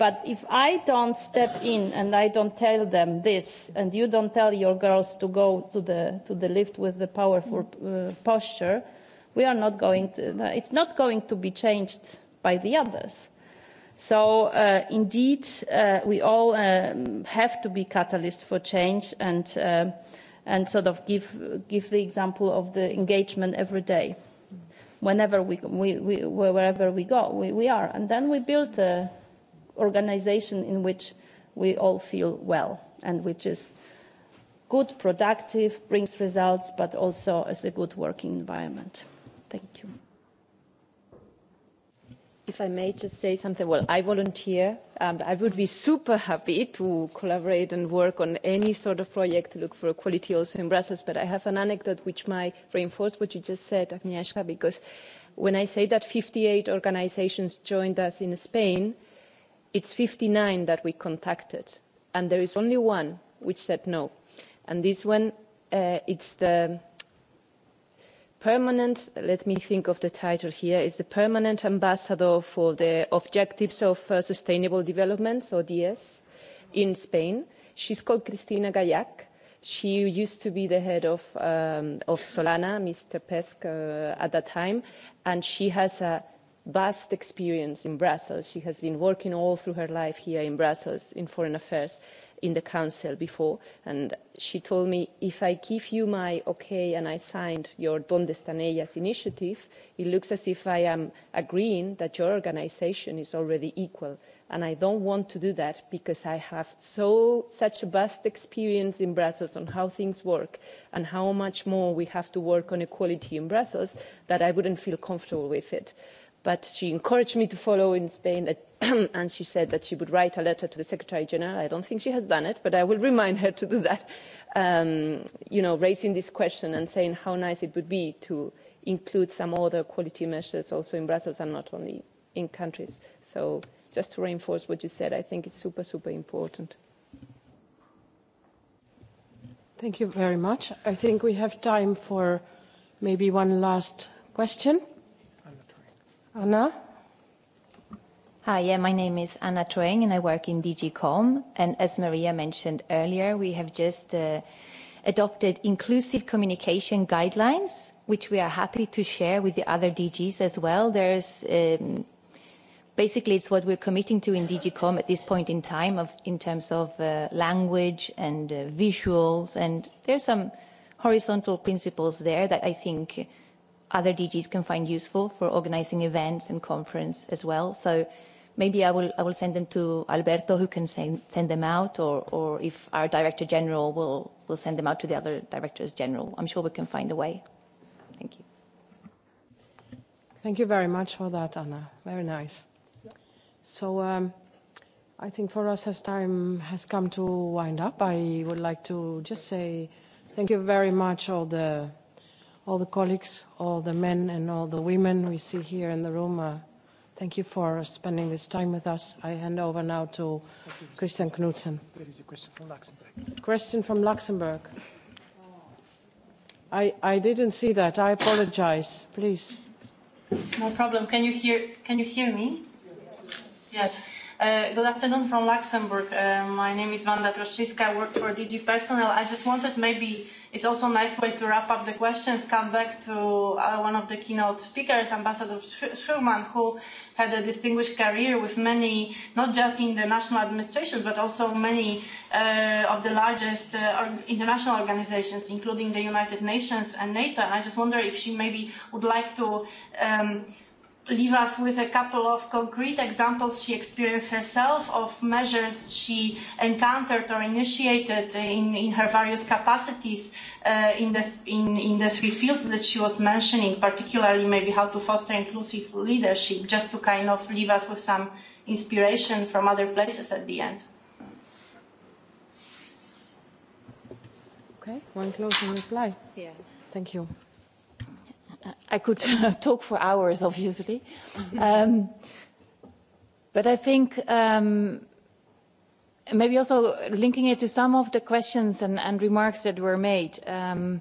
F: But if I don't step in and I don't tell them this, and you don't tell your girls to go to the, to the lift with the powerful uh, posture, we are not going to, it's not going to be changed by the others. So uh, indeed, uh, we all um, have to be catalysts for change and, uh, and sort of give, give the example of the engagement every day, whenever we, we, we wherever we go, we, we are. And then we build a, organization in which we all feel well and which is good, productive, brings results, but also as a good working environment. Thank you.
E: If I may just say something, well, I volunteer. Um, I would be super happy to collaborate and work on any sort of project to look for equality also in Brussels. But I have an anecdote which might reinforce what you just said, Agnieszka, because when I say that 58 organizations joined us in Spain, it's fifty nine that we contacted, and there is only one which said no. And this one, uh, it's the permanent, let me think of the title here, is the Permanent Ambassador for the Objectives of uh, Sustainable Development, ODS, in Spain. She's called Cristina Gallac. She used to be the head of, um, of Solana, Mr. Pesk uh, at that time, and she has a vast experience in Brussels. She has been working all through her life here in Brussels in foreign affairs in the council before and she told me if i give you my okay and i signed your donde están ellas initiative it looks as if i am agreeing that your organisation is already equal and i don't want to do that because i have so such a vast experience in brussels on how things work and how much more we have to work on equality in brussels that i wouldn't feel comfortable with it but she encouraged me to follow in Spain, and she said that she would write a letter to the Secretary General. I don't think she has done it, but I will remind her to do that, um, you know, raising this question and saying how nice it would be to include some other quality measures also in Brussels and not only in countries. So just to reinforce what you said, I think it's super, super important.
A: Thank you very much. I think we have time for maybe one last question. Anna?
D: Hi, yeah, my name is Anna Troeng, and I work in DG COM. And as Maria mentioned earlier,
F: we have just uh, adopted inclusive communication guidelines, which we are happy to share with the other DGs as well. There's um, basically it's what we're committing to in DG COM at this point in time, of in terms of uh, language and uh, visuals, and there's some horizontal principles there that I think other DGs can find useful for organizing events and conference as well. So maybe I will, I will send them to Alberto who can send, send them out or, or if our
A: Director General will, will send them out to the other Directors General. I'm sure we can find a way. Thank you. Thank you very much for that, Anna. Very nice. So um, I think for us as time has come to wind up, I would like to just say thank you very much all the all the colleagues, all the men and all the women we see here in the room. Uh, thank you for spending this time with us. I hand over now to Christian Knudsen. There is a question from Luxembourg. Question from Luxembourg. I, I didn't see that. I apologize. Please. No problem. Can you hear, can you hear me?
D: Yes. Uh, good afternoon from Luxembourg. Uh, my name is Wanda Troszczyska. I work for DG Personnel. I just wanted maybe It's also a nice way to wrap up the questions, come back to uh, one of the keynote speakers, Ambassador Schurman, who had a distinguished career with many, not just in the national administrations, but also many uh, of the
F: largest uh, international organizations, including the United Nations and NATO. And I just wonder if
D: she maybe would like to um, leave us with a couple of concrete examples she experienced herself of measures she encountered or initiated in, in her various capacities uh, in, the, in, in the three fields that she was mentioning, particularly maybe how to foster inclusive leadership, just to kind of leave us with some inspiration from other places at the end.
A: Okay, one closing reply. Yeah. Thank you.
D: I could talk for hours, obviously. Um, but I think um, maybe also linking it to some of the questions and, and remarks that were made. Um,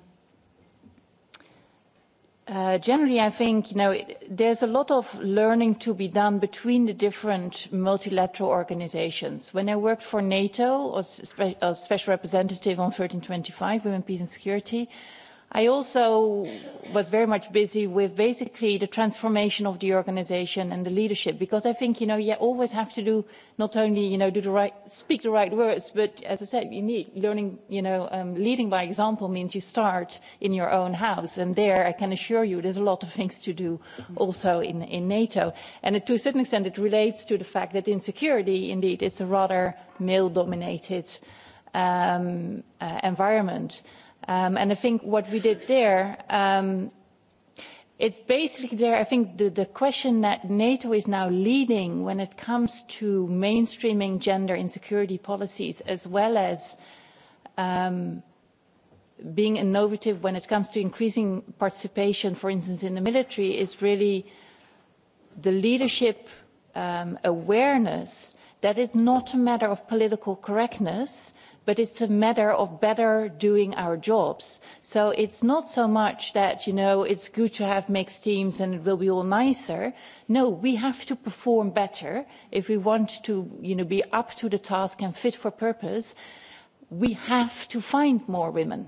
D: uh, generally, I think you know it, there's a lot of learning to be done between the different multilateral organizations. When I worked for NATO, as spe- special representative on 1325, Women, Peace and Security, uh, I also was very much busy with basically the transformation of the organization and the leadership because I think, you know, you always have to do not only, you know, do the right, speak the right words, but as I said, you need learning, you know, um, leading by example means you start in your own house. And there, I can assure you, there's a lot of things to do also in, in NATO. And to a certain extent, it relates to the fact that in security, indeed, it's a rather male dominated um, uh, environment. Um, and I think what we did there, um, it's basically there. I think the, the question that NATO is now leading when it comes to mainstreaming gender insecurity policies, as well as um, being innovative when it comes to increasing participation, for instance, in the military, is really the leadership um, awareness that it's not a matter of political correctness but it's a matter of better doing our jobs. So it's not so much that, you know, it's good to have mixed teams and it will be all nicer. No, we have to perform better if we want to, you know, be up to the task and fit for purpose. We have to find more women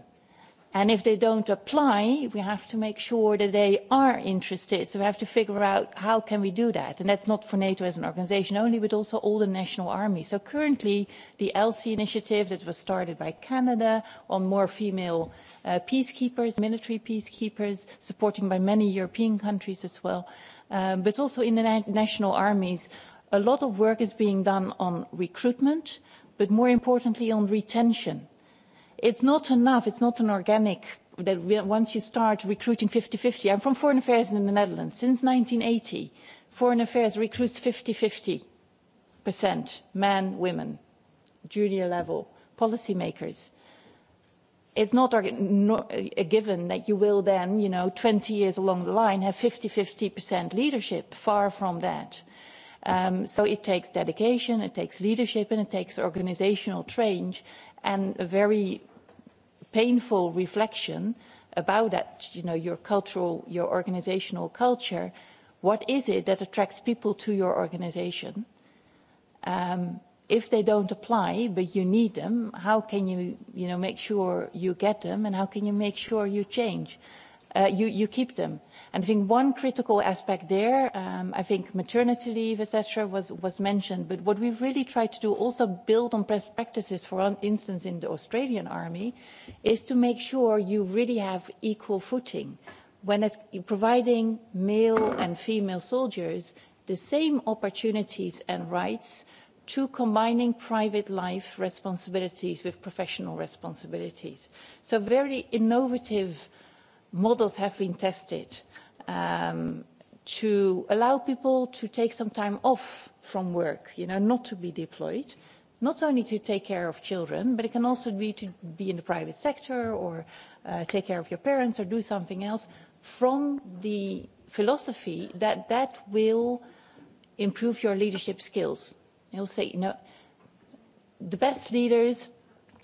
D: And if they don't apply, we have to make sure that they are interested. So we have to figure out how can we do that. And that's not for NATO as an organization only, but also all the national armies. So currently, the ELSI initiative that was started by Canada on more female uh, peacekeepers, military peacekeepers, supporting by many European countries as well, um, but also in the na- national armies, a lot of work is being done on recruitment, but more importantly on retention it's not enough, it's not an organic that we once you start recruiting 50-50, I'm from Foreign Affairs in the Netherlands. Since 1980, Foreign Affairs recruits 50-50 percent men, women, junior level, policymakers. It's not a given that you will then, you know, 20 years along the line have 50-50 percent leadership. Far from that. Um, so it takes dedication, it takes leadership, and it takes organizational change and a very painful reflection about that, you know, your cultural, your organizational culture. What is it that attracts people to your organization? Um, if they don't apply, but you need them, how can you, you know, make sure you get them and how can you make sure you change? uh, you, you keep them. And I think one critical aspect there, um, I think maternity leave, etc., was was mentioned. But what we've really tried to do, also build on best practices, for instance, in the Australian Army, is to make sure you really have equal footing when it, providing male and female soldiers the same opportunities and rights to combining private life responsibilities with professional responsibilities. So very innovative models have been tested um, to allow people to take some time off from work, you know, not to be deployed, not only to take care of children, but it can also be to be in the private sector or uh, take care of your parents or do something else from the philosophy that that will improve your leadership skills. You'll say, you know, the best leaders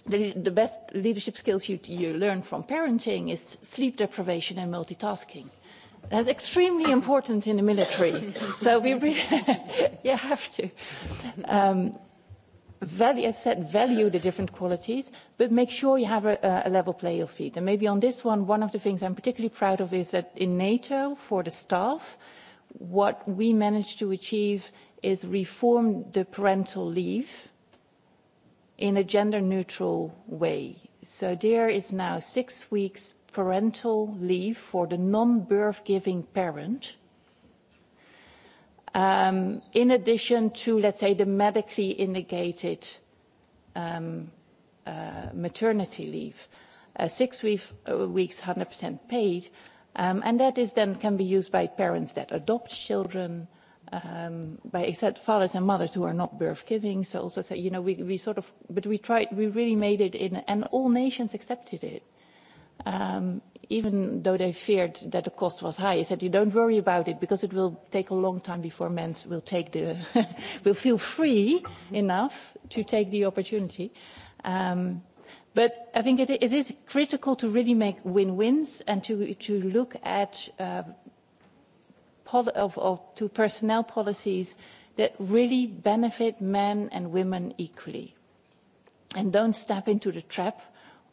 D: the, the best leadership skills you, you learn from parenting is sleep deprivation and multitasking. That's extremely important in the military. so we really, you have to. Um, value, as said, value the different qualities, but make sure you have a, a level playing field. And maybe on this one, one of the things I'm particularly proud of is that in NATO, for the staff, what we managed to achieve is reform the parental leave in a gender neutral way. So there is now six weeks parental leave for the non-birth giving parent. Um, in addition to, let's say, the medically indicated um, uh, maternity leave, uh, six week, uh, weeks 100% paid, um, and that is then can be used by parents that adopt children, um, by except fathers and mothers who are not birth giving. So also say, you know, we, we sort of, but we tried, we really made it in, and all nations accepted it. Um, even though they feared that the cost was high, he said, you don't worry about it because it will take a long time before men will take the, will feel free enough to take the opportunity. Um, But I think it, it is critical to really make win-wins and to, to look at uh, pol- of, of, to personnel policies that really benefit men and women equally. And don't step into the trap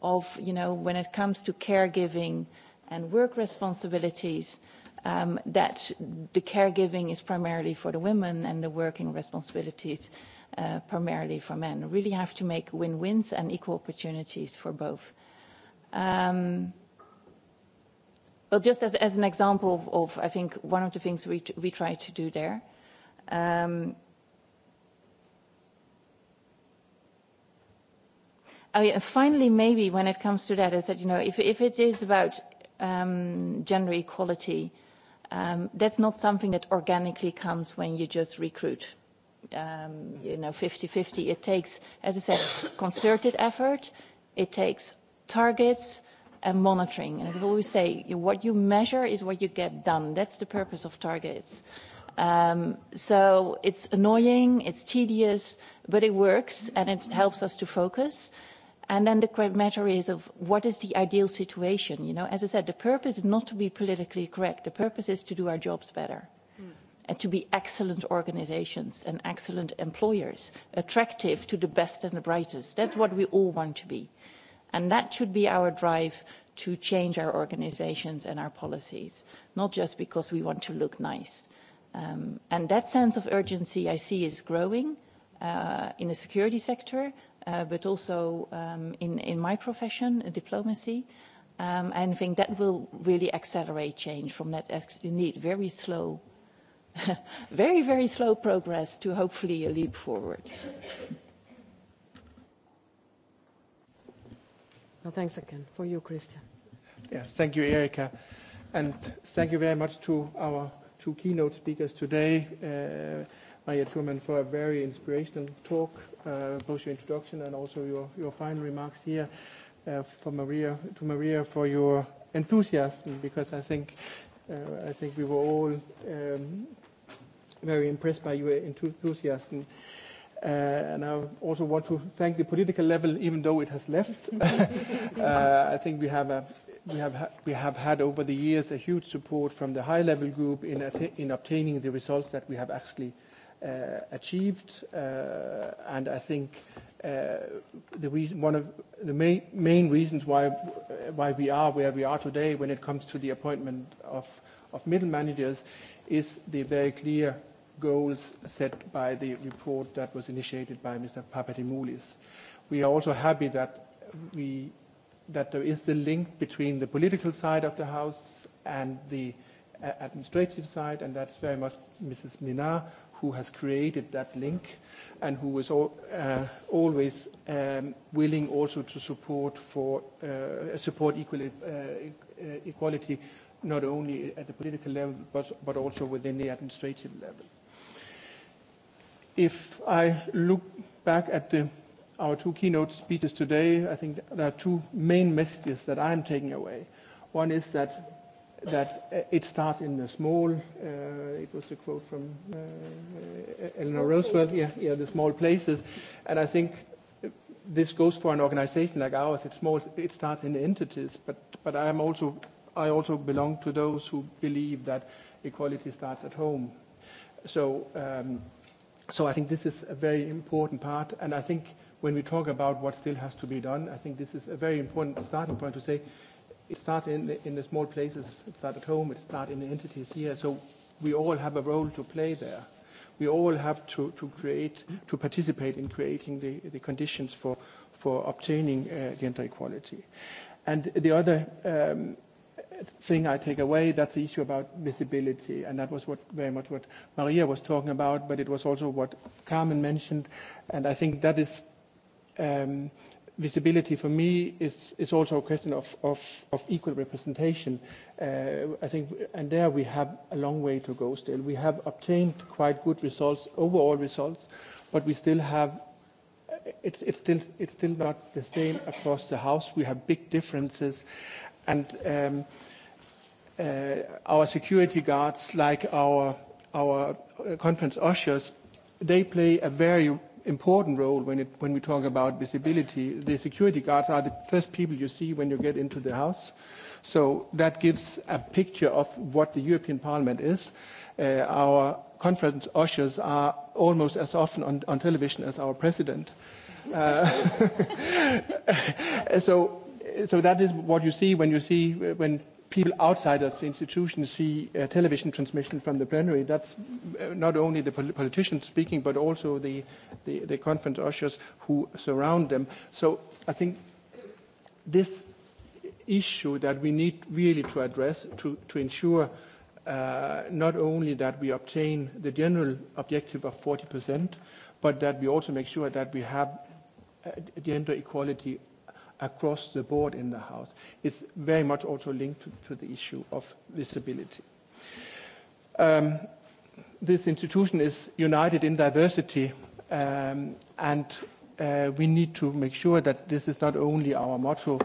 D: of, you know, when it comes to caregiving and work responsibilities, um, that the caregiving is primarily for the women and the working responsibilities uh, primarily for men. Really have to make win-wins and equal opportunities for both. Um, Well, just as, as an example of, of, I think, one of the things we, we try to do there, um, Oh, yeah, finally, maybe when it comes to that, is that you know, if if it is about um, gender equality, um, that's not something that organically comes when you just recruit. Um, you know, 50-50. It takes, as I said, concerted effort. It takes targets and monitoring. And as I always say, what you measure is what you get done. That's the purpose of targets. Um, so it's annoying, it's tedious, but it works and it helps us to focus. And then the matter is of what is the ideal situation? You know, as I said, the purpose is not to be politically correct. The purpose is to do our jobs better and to be excellent organizations and excellent employers, attractive to the best and the brightest. That's what we all want to be. And that should be our drive to change our organizations and our policies, not just because we want to look nice. Um, and that sense of urgency I see is growing uh, in the security sector, uh, but also um, in, in my profession, in diplomacy. Um, and I think that will really accelerate change from that ex indeed very slow, very, very slow progress to
G: hopefully a leap forward.
A: Well thanks again for you, Christian.
G: Yes, thank you, Erika. And thank you very much to our two keynote speakers today, uh, Maria Truman, for a very inspirational talk, uh, both your introduction and also your, your final remarks here. Uh, for Maria, to Maria for your enthusiasm, because I think uh, I think we were all um, very impressed by your enthusiasm. Uh, Uh, and I also want to thank the political level, even though it has left. uh, I think we have a we have, ha- we have had over the years a huge support from the high level group in, at- in obtaining the results that we have actually uh, achieved. Uh, and I think uh, the reason, one of the ma- main reasons why, why we are where we are today when it comes to the appointment of, of middle managers is the very clear goals set by the report that was initiated by Mr. Papadimoulis. We are also happy that we that there is the link between the political side of the House and the administrative side, and that's very much Mrs. Minard who has created that link and who is all uh, always um, willing also to support for uh, support equally, uh, equality not only at the political level but, but also within the administrative level. If I look back at the our two keynote speeches today, I think there are two main messages that I'm taking away. One is that that it starts in the small. Uh, it was a quote from uh, Eleanor Roosevelt. Yeah, yeah, the small places, and I think this goes for an organization like ours. It's small. It starts in the entities, but but I am also I also belong to those who believe that equality starts at home. So. Um, So I think this is a very important part, and I think when we talk about what still has to be done, I think this is a very important starting point to say it start in the, in the small places, it start at home, it start in the entities here. So we all have a role to play there. We all have to, to create, to participate in creating the, the conditions for, for obtaining uh, gender equality. And the other um, thing I take away, that's the issue about visibility. And that was what very much what Maria was talking about, but it was also what Carmen mentioned. And I think that is um, visibility for me is, is also a question of, of, of equal representation. Uh, I think, and there we have a long way to go still. We have obtained quite good results, overall results, but we still have it's, it's, still, it's still not the same across the house. We have big differences. And um, uh, our security guards, like our, our conference ushers, they play a very important role when, it, when we talk about visibility. The security guards are the first people you see when you get into the house. So that gives a picture of what the European Parliament is. Uh, our conference ushers are almost as often on, on television as our president. Uh, so, so that is what you see when you see when people outside of the institution see a television transmission from the plenary. That's not only the politicians speaking, but also the, the, the conference ushers who surround them. So I think this issue that we need really to address to, to ensure uh, not only that we obtain the general objective of 40%, but that we also make sure that we have gender equality across the board in the house. It's very much also linked to, to the issue of visibility. Um, this institution is united in diversity, um, and uh, we need to make sure that this is not only our motto,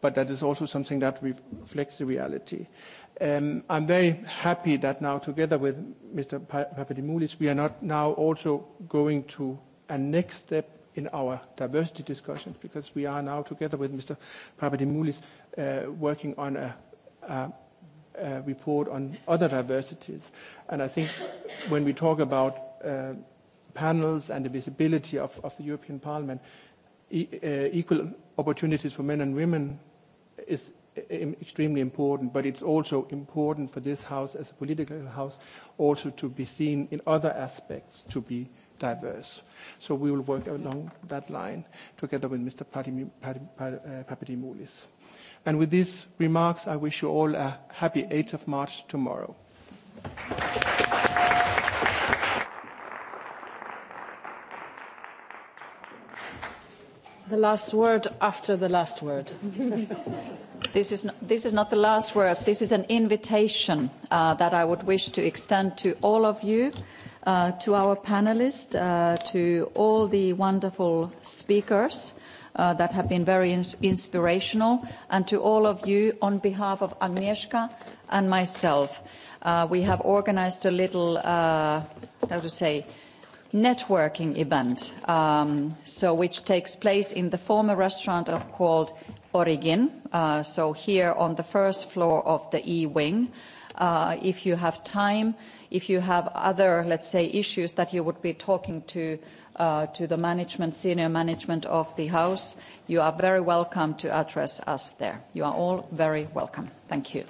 G: but that is also something that reflects the reality. Um, I'm very happy that now, together with Mr. Papadimoulis, we are not now also going to a next step in our diversity discussions because we are now, together with Mr. Papadimoulis, uh, working on a, a, a report on other diversities. And I think when we talk about uh, panels and the visibility of, of the European Parliament, e uh, equal opportunities for men and women is extremely important, but it's also important for this house as a political house also to be seen in other aspects, to be uh, diverse. So we will work along that line together with Mr. Papadimoulis. And with these remarks, I wish you all a happy 8th of March tomorrow.
A: The last word after the last word.
I: this, is not, this is not the last word. This is an invitation uh, that I would wish to extend to all of you uh, to our panelists, uh, to all the wonderful speakers uh, that have been very in inspirational, and to all of you on behalf of Agnieszka and myself. Uh, we have organized a little, uh, how to say, networking event, um, so which takes place in the former restaurant of called Origin, uh, so here on the first floor of the E-Wing uh, if you have time, if you have other, let's say, issues that you would be talking to uh, to the management, senior management of the House, you are very welcome to address us there. You are all very welcome. Thank you.